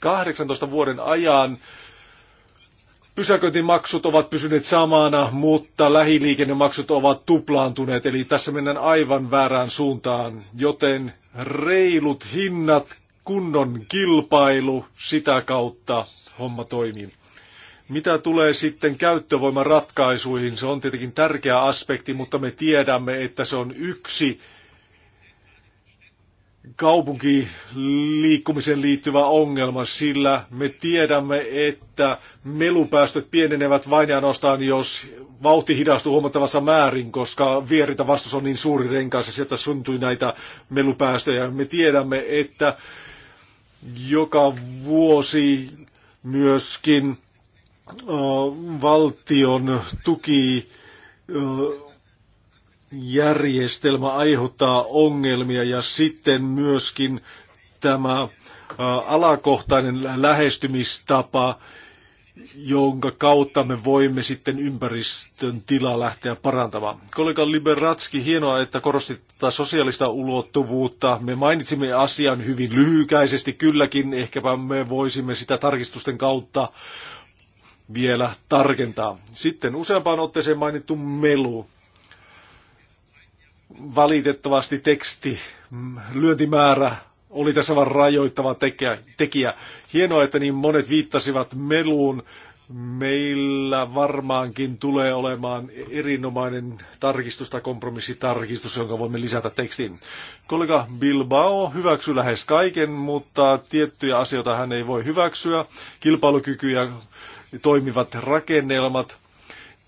18 vuoden ajan Pysäköintimaksut ovat pysyneet samana, mutta lähiliikennemaksut ovat tuplaantuneet, eli tässä mennään aivan väärään suuntaan, joten reilut hinnat, kunnon kilpailu, sitä kautta homma toimii. Mitä tulee sitten käyttövoimaratkaisuihin, se on tietenkin tärkeä aspekti, mutta me tiedämme, että se on yksi kaupunkiliikkumiseen liittyvä ongelma, sillä me tiedämme, että melupäästöt pienenevät vain ja nostaan, jos vauhti hidastuu huomattavassa määrin, koska vastus on niin suuri renkaassa, sieltä syntyy näitä melupäästöjä. Me tiedämme, että joka vuosi myöskin uh, valtion tuki uh, järjestelmä aiheuttaa ongelmia ja sitten myöskin tämä alakohtainen lähestymistapa, jonka kautta me voimme sitten ympäristön tilaa lähteä parantamaan. Kollega Liberatski, hienoa, että korostit tätä sosiaalista ulottuvuutta. Me mainitsimme asian hyvin lyhykäisesti kylläkin, ehkäpä me voisimme sitä tarkistusten kautta vielä tarkentaa. Sitten useampaan otteeseen mainittu melu. Valitettavasti teksti, mm, lyöntimäärä oli tässä vain rajoittava tekijä. tekijä. Hienoa, että niin monet viittasivat meluun. Meillä varmaankin tulee olemaan erinomainen tarkistus tai kompromissitarkistus, jonka voimme lisätä tekstiin. Kollega Bilbao hyväksyi lähes kaiken, mutta tiettyjä asioita hän ei voi hyväksyä. Kilpailukyky ja toimivat rakennelmat.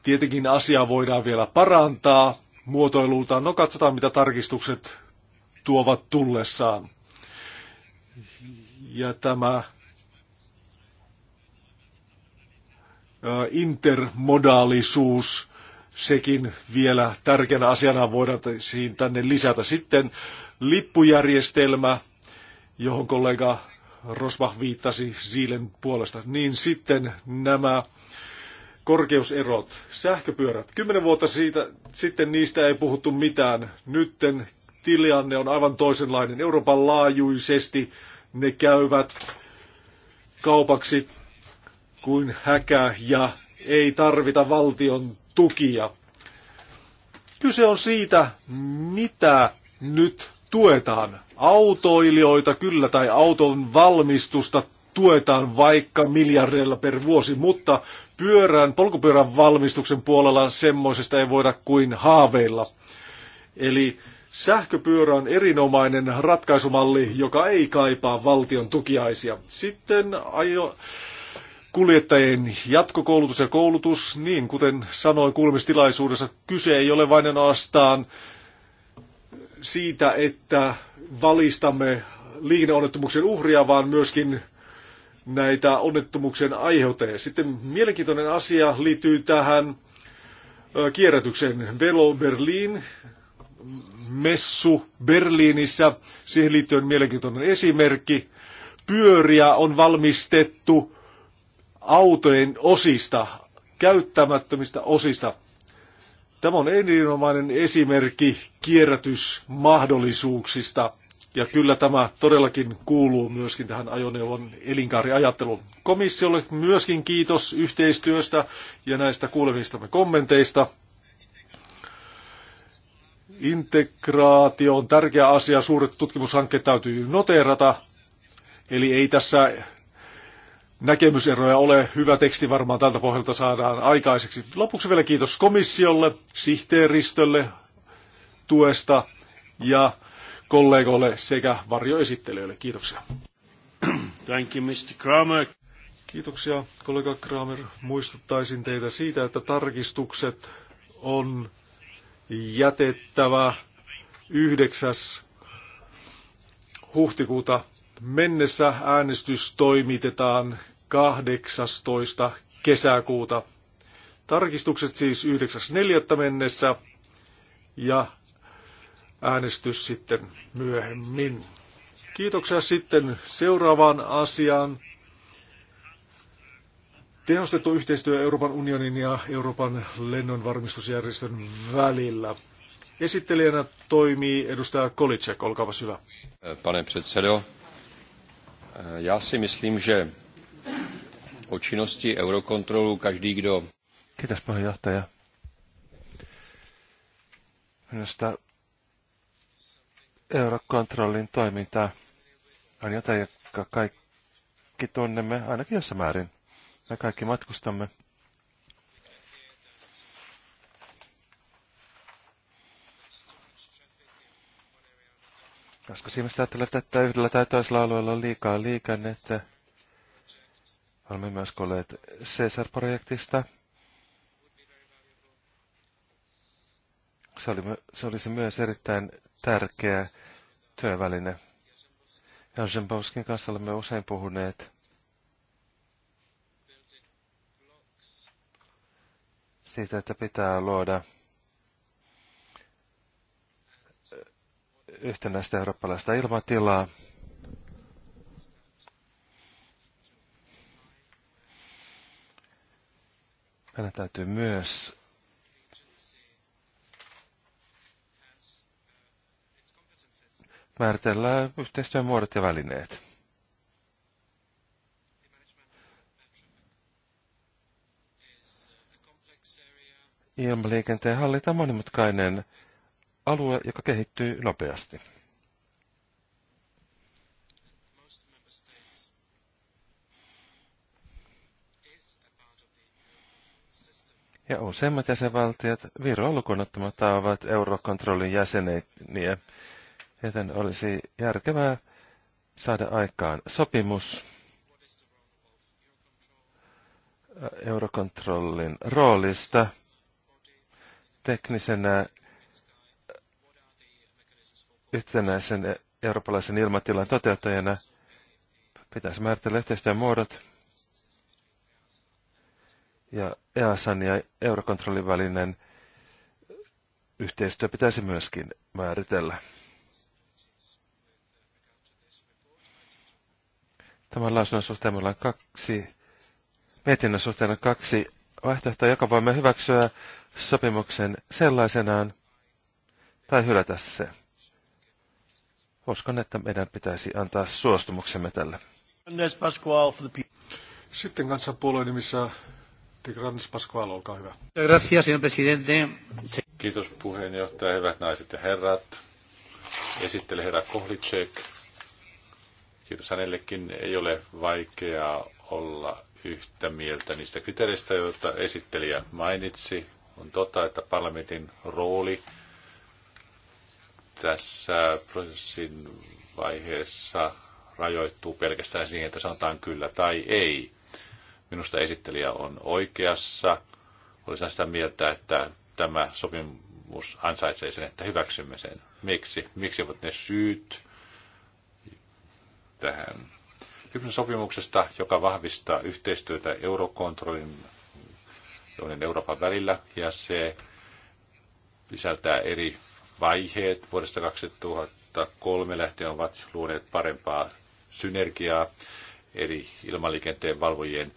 Tietenkin asiaa voidaan vielä parantaa, muotoilultaan. No katsotaan, mitä tarkistukset tuovat tullessaan. Ja tämä intermodaalisuus, sekin vielä tärkeänä asiana voidaan tänne lisätä. Sitten lippujärjestelmä, johon kollega Rosbach viittasi Siilen puolesta, niin sitten nämä korkeuserot. Sähköpyörät. Kymmenen vuotta siitä, sitten niistä ei puhuttu mitään. Nytten tilanne on aivan toisenlainen. Euroopan laajuisesti ne käyvät kaupaksi kuin häkä ja ei tarvita valtion tukia. Kyse on siitä, mitä nyt tuetaan. Autoilijoita kyllä tai auton valmistusta tuetaan vaikka miljardeilla per vuosi, mutta pyörän, polkupyörän valmistuksen puolella semmoisesta ei voida kuin haaveilla. Eli sähköpyörä on erinomainen ratkaisumalli, joka ei kaipaa valtion tukiaisia. Sitten ajo, kuljettajien jatkokoulutus ja koulutus, niin kuten sanoin kuulemistilaisuudessa, kyse ei ole vain ainoastaan siitä, että valistamme liikenneonnettomuuksien uhria, vaan myöskin näitä onnettomuuksien aiheuttajia. Sitten mielenkiintoinen asia liittyy tähän kierrätykseen Velo Berlin, messu Berliinissä. Siihen liittyen mielenkiintoinen esimerkki. Pyöriä on valmistettu autojen osista, käyttämättömistä osista. Tämä on erinomainen esimerkki kierrätysmahdollisuuksista – ja kyllä tämä todellakin kuuluu myöskin tähän ajoneuvon elinkaariajatteluun. Komissiolle myöskin kiitos yhteistyöstä ja näistä kuulemistamme kommenteista. Integraatio on tärkeä asia, suuret tutkimushankkeet täytyy noteerata. Eli ei tässä näkemyseroja ole. Hyvä teksti varmaan tältä pohjalta saadaan aikaiseksi. Lopuksi vielä kiitos komissiolle, sihteeristölle tuesta ja kollegoille sekä varjoesittelijöille. Kiitoksia. Thank you, Mr. Kramer. Kiitoksia, kollega Kramer. Muistuttaisin teitä siitä, että tarkistukset on jätettävä 9. huhtikuuta mennessä. Äänestys toimitetaan 18. kesäkuuta. Tarkistukset siis 9.4. mennessä ja äänestys sitten myöhemmin. Kiitoksia sitten seuraavaan asiaan. Tehostettu yhteistyö Euroopan unionin ja Euroopan lennonvarmistusjärjestön välillä. Esittelijänä toimii edustaja Kolicek, olkaa hyvä. Pane předsedo, ja si myslím, že o činnosti Eurokontrolu každý, kdo... Kiitos puheenjohtaja. Minusta Eurokontrollin toimintaa on jotain, jotka kaikki tunnemme ainakin jossain määrin. Me kaikki matkustamme. Joskus ihmiset ajattelevat, että yhdellä tai toisella alueella on liikaa liikennettä. Olemme myös kuulleet Cesar-projektista. Se, oli, se olisi myös erittäin tärkeä työväline. Zembowskin kanssa olemme usein puhuneet siitä, että pitää luoda yhtenäistä eurooppalaista ilmatilaa. Meidän täytyy myös määritellään yhteistyön muodot ja välineet. Ilmaliikenteen hallinta on monimutkainen alue, joka kehittyy nopeasti. ja useimmat jäsenvaltiot Viro lukunottamatta ovat Eurokontrollin jäseniä, joten olisi järkevää saada aikaan sopimus äh, Eurokontrollin roolista teknisenä äh, yhtenäisen eurooppalaisen ilmatilan toteuttajana. Pitäisi määritellä yhteistyön muodot ja EASan ja Eurokontrollin välinen yhteistyö pitäisi myöskin määritellä. Tämän lausunnon suhteen meillä on kaksi, mietinnön suhteen on kaksi vaihtoehtoa, joka voimme hyväksyä sopimuksen sellaisenaan tai hylätä se. Uskon, että meidän pitäisi antaa suostumuksemme tälle. Sitten kansanpuolueen nimissä Tigrannis Pascual, olkaa hyvä. Gracias, señor presidente. Kiitos puheenjohtaja, hyvät naiset ja herrat. Esittele herra Kohlitschek Kiitos hänellekin. Ei ole vaikeaa olla yhtä mieltä niistä kriteereistä, joita esittelijä mainitsi. On totta, että parlamentin rooli tässä prosessin vaiheessa rajoittuu pelkästään siihen, että sanotaan kyllä tai ei. Minusta esittelijä on oikeassa. Olisin sitä mieltä, että tämä sopimus ansaitsee sen, että hyväksymme sen. Miksi? Miksi ovat ne syyt, tähän. Kysymys sopimuksesta, joka vahvistaa yhteistyötä eurokontrollin joiden Euroopan välillä, ja se sisältää eri vaiheet vuodesta 2003 lähtien ovat luoneet parempaa synergiaa eri ilmaliikenteen valvojien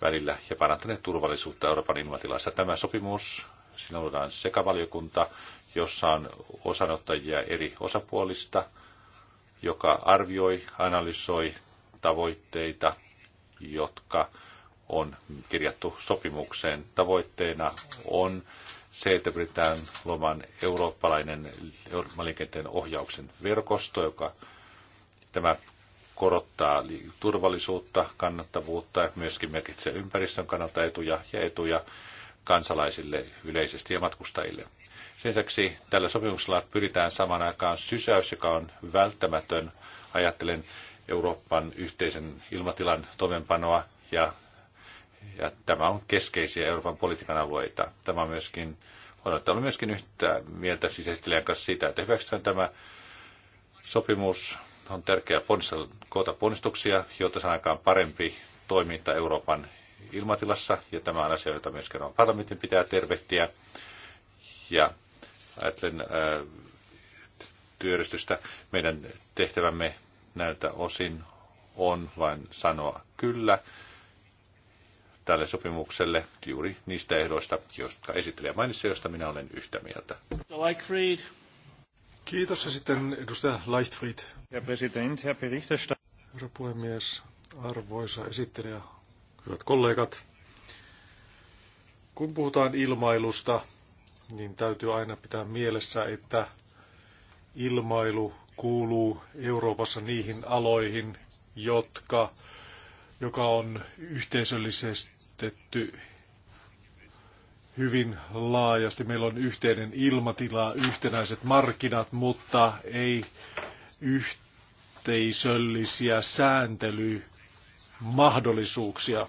välillä ja parantaneet turvallisuutta Euroopan ilmatilassa. Tämä sopimus, siinä luodaan sekavaliokunta, jossa on osanottajia eri osapuolista – joka arvioi, analysoi tavoitteita, jotka on kirjattu sopimukseen. Tavoitteena on se, että pyritään luomaan eurooppalainen liikenteen ohjauksen verkosto, joka tämä korottaa turvallisuutta, kannattavuutta ja myöskin merkitsee ympäristön kannalta etuja ja etuja kansalaisille yleisesti ja matkustajille. Sen lisäksi tällä sopimuksella pyritään saman aikaan sysäys, joka on välttämätön. Ajattelen Euroopan yhteisen ilmatilan toimenpanoa ja, ja tämä on keskeisiä Euroopan politiikan alueita. Tämä on myöskin, on ollut myöskin yhtä mieltä siis kanssa siitä, että hyväksytään tämä sopimus. On tärkeää ponnistel, koota ponnistuksia, jotta saadaan aikaan parempi toiminta Euroopan ilmatilassa, ja tämä on asia, jota myöskin on parlamentin pitää tervehtiä. Ja ajattelen äh, työristystä. Meidän tehtävämme näiltä osin on vain sanoa kyllä tälle sopimukselle juuri niistä ehdoista, jotka esittelijä mainitsi, joista minä olen yhtä mieltä. Leichfried. Kiitos ja sitten edustaja Leichtfried. Herr Präsident, Herr Berichterstatter. Herra puhemies, arvoisa esittelijä, hyvät kollegat. Kun puhutaan ilmailusta, niin täytyy aina pitää mielessä, että ilmailu kuuluu Euroopassa niihin aloihin, jotka, joka on yhteisöllistetty hyvin laajasti. Meillä on yhteinen ilmatila, yhtenäiset markkinat, mutta ei yhteisöllisiä sääntelymahdollisuuksia.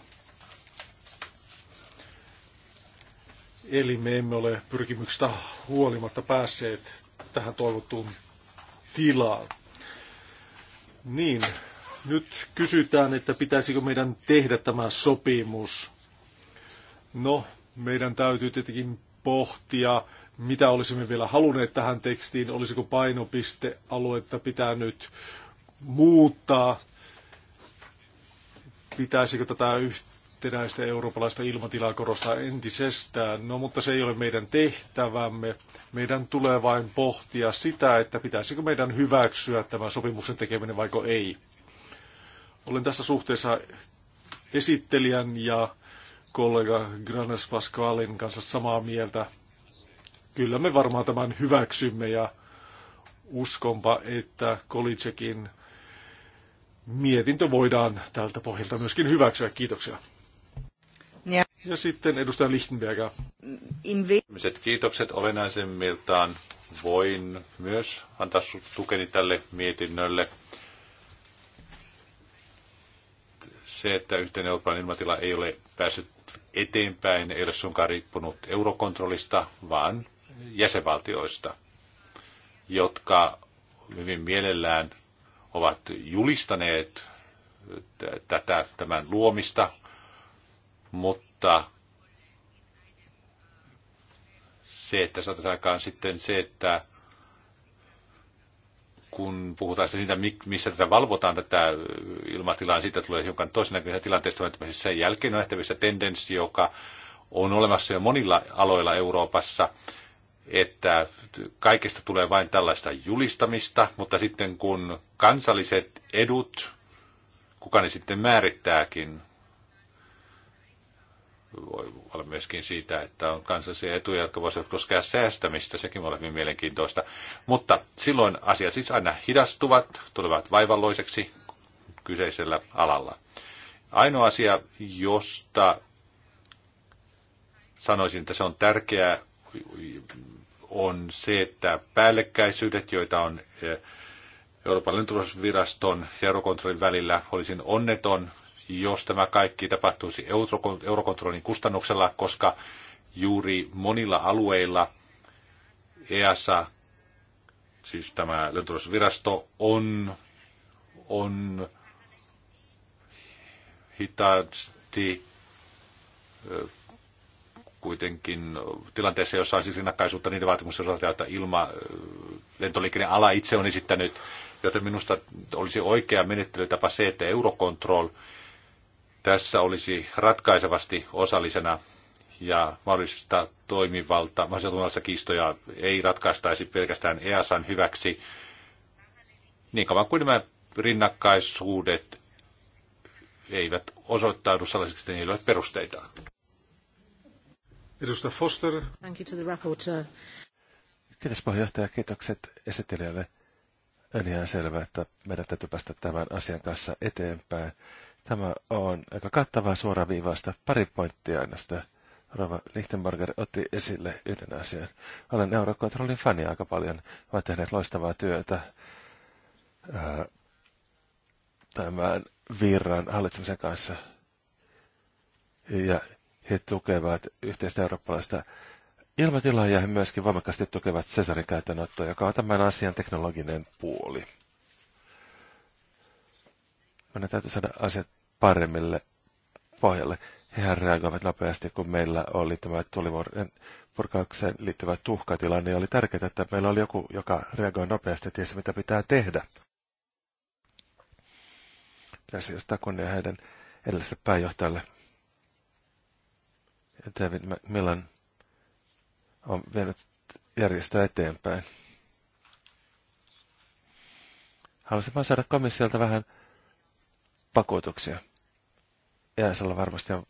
Eli me emme ole pyrkimyksestä huolimatta päässeet tähän toivottuun tilaan. Niin, nyt kysytään, että pitäisikö meidän tehdä tämä sopimus. No, meidän täytyy tietenkin pohtia, mitä olisimme vielä halunneet tähän tekstiin, olisiko painopistealuetta nyt muuttaa, pitäisikö tätä yhteyttä yhtenäistä eurooppalaista ilmatilaa korostaa entisestään. No, mutta se ei ole meidän tehtävämme. Meidän tulee vain pohtia sitä, että pitäisikö meidän hyväksyä tämä sopimuksen tekeminen vaiko ei. Olen tässä suhteessa esittelijän ja kollega Granes Pascalin kanssa samaa mieltä. Kyllä me varmaan tämän hyväksymme ja uskonpa, että Kolitsekin mietintö voidaan tältä pohjalta myöskin hyväksyä. Kiitoksia. Ja, ja sitten edustaja Lichtenberger. Inve- kiitokset olennaisemmiltaan. Voin myös antaa tukeni tälle mietinnölle. Se, että yhteinen Euroopan ilmatila ei ole päässyt eteenpäin, ei ole suinkaan riippunut eurokontrollista, vaan jäsenvaltioista, jotka hyvin mielellään ovat julistaneet tätä, tämän luomista mutta se, että saatetaankaan sitten se, että kun puhutaan siitä, missä tätä valvotaan, tätä ilmatilaa, siitä tulee hiukan toisennäköisestä tilanteesta, että sen jälkeen on nähtävissä tendenssi, joka on olemassa jo monilla aloilla Euroopassa, että kaikesta tulee vain tällaista julistamista, mutta sitten kun kansalliset edut, kuka ne sitten määrittääkin, voi olla myöskin siitä, että on kansallisia etuja, jotka voisivat koskea säästämistä, sekin voi olla hyvin mielenkiintoista. Mutta silloin asiat siis aina hidastuvat, tulevat vaivalloiseksi kyseisellä alalla. Ainoa asia, josta sanoisin, että se on tärkeää, on se, että päällekkäisyydet, joita on eh, Euroopan lentoturvallisuusviraston ja Eurokontrollin välillä, olisin onneton jos tämä kaikki tapahtuisi eurokontrollin kustannuksella, koska juuri monilla alueilla EASA, siis tämä lentoturvallisuusvirasto, on, on hitaasti kuitenkin tilanteessa, jossa on siis rinnakkaisuutta niiden vaatimusten osalta, että ilma lentoliikenneala itse on esittänyt, joten minusta olisi oikea menettelytapa se, että Eurocontrol – tässä olisi ratkaisevasti osallisena ja mahdollisista toimivalta, mahdollisista kistoja ei ratkaistaisi pelkästään EASan hyväksi, niin kauan kuin nämä rinnakkaisuudet eivät osoittaudu sellaisiksi, että niillä ei ole perusteita. Edustaja Foster. Thank you to the rapporteur. Kiitos puheenjohtaja, kiitokset esittelijälle. On ihan selvää, että meidän täytyy päästä tämän asian kanssa eteenpäin. Tämä on aika kattavaa suoraviivaista. Pari pointtia sitä Rova Lichtenberger otti esille yhden asian. Olen Eurocontrolin fani aika paljon. Ovat tehneet loistavaa työtä ää, tämän virran hallitsemisen kanssa. Ja he tukevat yhteistä eurooppalaista ilmatilaa ja he myöskin voimakkaasti tukevat Cesarin käytännöttöä, joka on tämän asian teknologinen puoli. Meidän täytyy saada asiat paremmille pohjalle. Hehän reagoivat nopeasti, kun meillä oli tämä tulivuoren purkaukseen liittyvä tuhkatilanne. Ja oli tärkeää, että meillä oli joku, joka reagoi nopeasti ja tiesi, mitä pitää tehdä. Pitäisi jostain kunnia heidän edelliselle pääjohtajalle. David Millan on vienyt järjestää eteenpäin. Haluaisin vain saada komissiolta vähän pakotuksia. EASalla varmasti on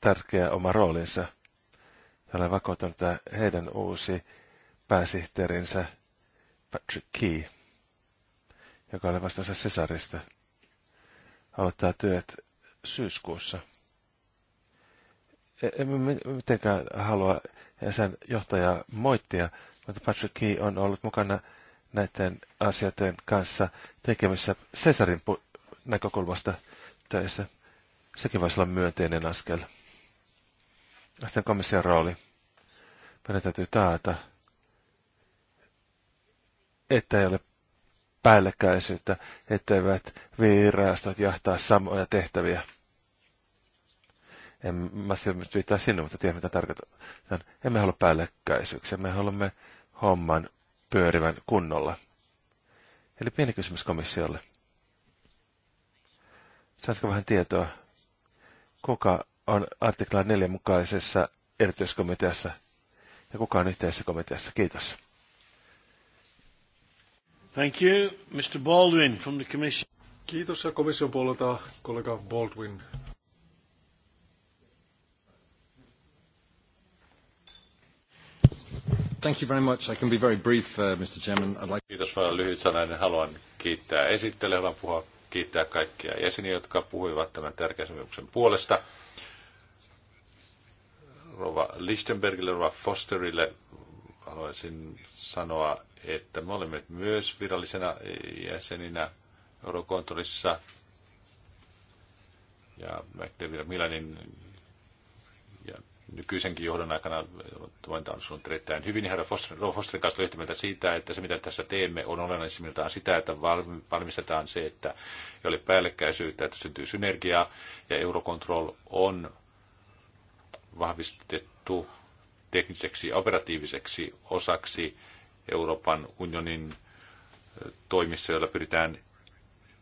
tärkeä oma roolinsa. Ja olen vakuuttunut, että heidän uusi pääsihteerinsä Patrick Key, joka oli vastaansa sesarista, aloittaa työt syyskuussa. E- emme mitenkään halua sen johtajaa moittia, mutta Patrick Key on ollut mukana näiden asioiden kanssa tekemissä Cesarin pu- näkökulmasta töissä. Sekin voisi olla myönteinen askel. Sitten komission rooli. Meidän täytyy taata, että ei ole päällekkäisyyttä, etteivät virastot jahtaa samoja tehtäviä. En mä viittaa sinne, mutta tiedän mitä tarkoitan. Emme halua päällekkäisyyksiä, me haluamme homman pyörivän kunnolla. Eli pieni kysymys komissiolle. Saisiko vähän tietoa, kuka on artikla 4 mukaisessa erityiskomiteassa ja kuka on yhteisessä komiteassa? Kiitos. Thank you, Mr. Baldwin from the Commission. Kiitos ja komission puolelta kollega Baldwin. Thank you very much. I can be very brief, uh, Mr. Chairman. I'd like... Kiitos vain lyhyt sanainen. Haluan kiittää esittelevän puhua kiittää kaikkia jäseniä, jotka puhuivat tämän tärkeän sopimuksen puolesta. Rova Lichtenbergille, Rova Fosterille haluaisin sanoa, että me olemme myös virallisena jäseninä Eurokontrollissa. ja McDavid Milanin nykyisenkin johdon aikana on ansunut erittäin hyvin. Herra Foster, Fosterin kanssa yhtä siitä, että se mitä tässä teemme on olennaisimmiltaan sitä, että valmistetaan se, että ei ole päällekkäisyyttä, että syntyy synergiaa ja Eurocontrol on vahvistettu tekniseksi operatiiviseksi osaksi Euroopan unionin eh, toimissa, joilla pyritään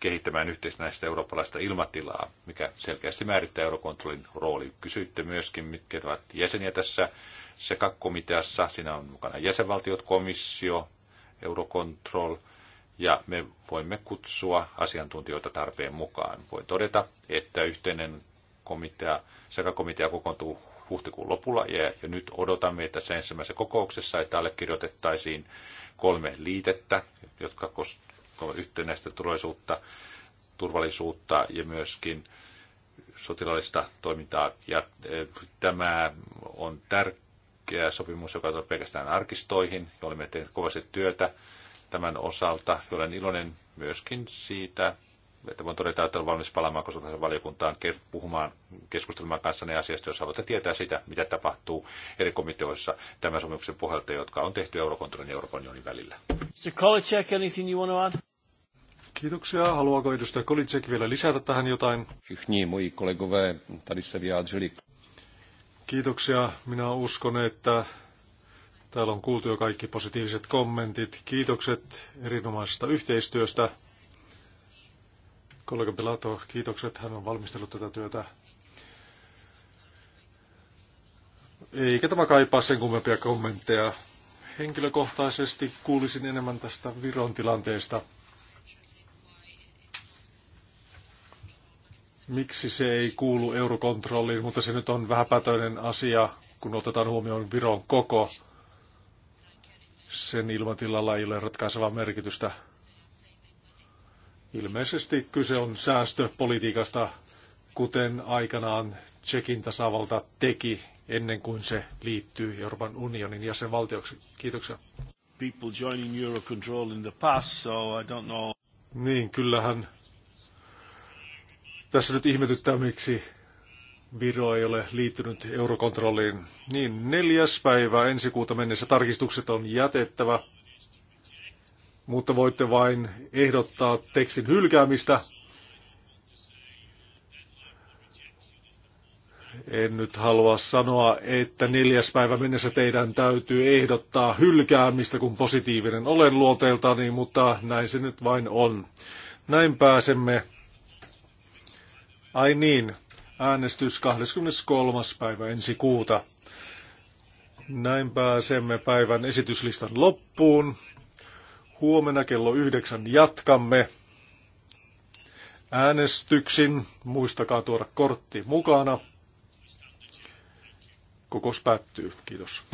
kehittämään yhteisnäistä eurooppalaista ilmatilaa, mikä selkeästi määrittää Eurokontrollin rooli. Kysyitte myöskin, mitkä ovat jäseniä tässä se komiteassa Siinä on mukana jäsenvaltiot, komissio, Eurocontrol, ja me voimme kutsua asiantuntijoita tarpeen mukaan. Voi todeta, että yhteinen komitea, sekakomitea kokoontuu huhtikuun lopulla ja, jo nyt odotamme, että se ensimmäisessä kokouksessa, että allekirjoitettaisiin kolme liitettä, jotka yhtenäistä turvallisuutta, turvallisuutta ja myöskin sotilaallista toimintaa. Ja e, tämä on tärkeä sopimus, joka on pelkästään arkistoihin, ja olemme tehneet kovasti työtä tämän osalta. olen iloinen myöskin siitä, että voin todeta, että olen valmis palaamaan konsultaation valiokuntaan puhumaan, keskustelemaan kanssa asiasta, jos haluatte tietää sitä, mitä tapahtuu eri komiteoissa tämän sopimuksen pohjalta, jotka on tehty Eurokontrollin ja Euroopan unionin välillä. Kolicek, anything you want to add? Kiitoksia. Haluaako edustaja Kolitsek vielä lisätä tähän jotain? Všichni moji kolegové tady se vyjádřili. Kiitoksia. Minä uskon, että täällä on kuultu jo kaikki positiiviset kommentit. Kiitokset erinomaisesta yhteistyöstä. Kollega Pelato, kiitokset. Hän on valmistellut tätä työtä. Eikä tämä kaipaa sen kummempia kommentteja. Henkilökohtaisesti kuulisin enemmän tästä Viron tilanteesta. miksi se ei kuulu eurokontrolliin, mutta se nyt on vähäpätöinen asia, kun otetaan huomioon Viron koko. Sen ilmatilalla ei ole ratkaisevaa merkitystä. Ilmeisesti kyse on säästöpolitiikasta, kuten aikanaan Tsekin tasavalta teki ennen kuin se liittyy Euroopan unionin jäsenvaltioksi. Kiitoksia. People joining Eurocontrol in the past, so I don't know. Niin, kyllähän tässä nyt ihmetyttää, miksi Viro ei ole liittynyt eurokontrolliin. Niin, neljäs päivä ensi kuuta mennessä tarkistukset on jätettävä, mutta voitte vain ehdottaa tekstin hylkäämistä. En nyt halua sanoa, että neljäs päivä mennessä teidän täytyy ehdottaa hylkäämistä, kun positiivinen olen luonteeltani, mutta näin se nyt vain on. Näin pääsemme Ai niin, äänestys 23. päivä ensi kuuta. Näin pääsemme päivän esityslistan loppuun. Huomenna kello yhdeksän jatkamme äänestyksin. Muistakaa tuoda kortti mukana. Kokous päättyy. Kiitos.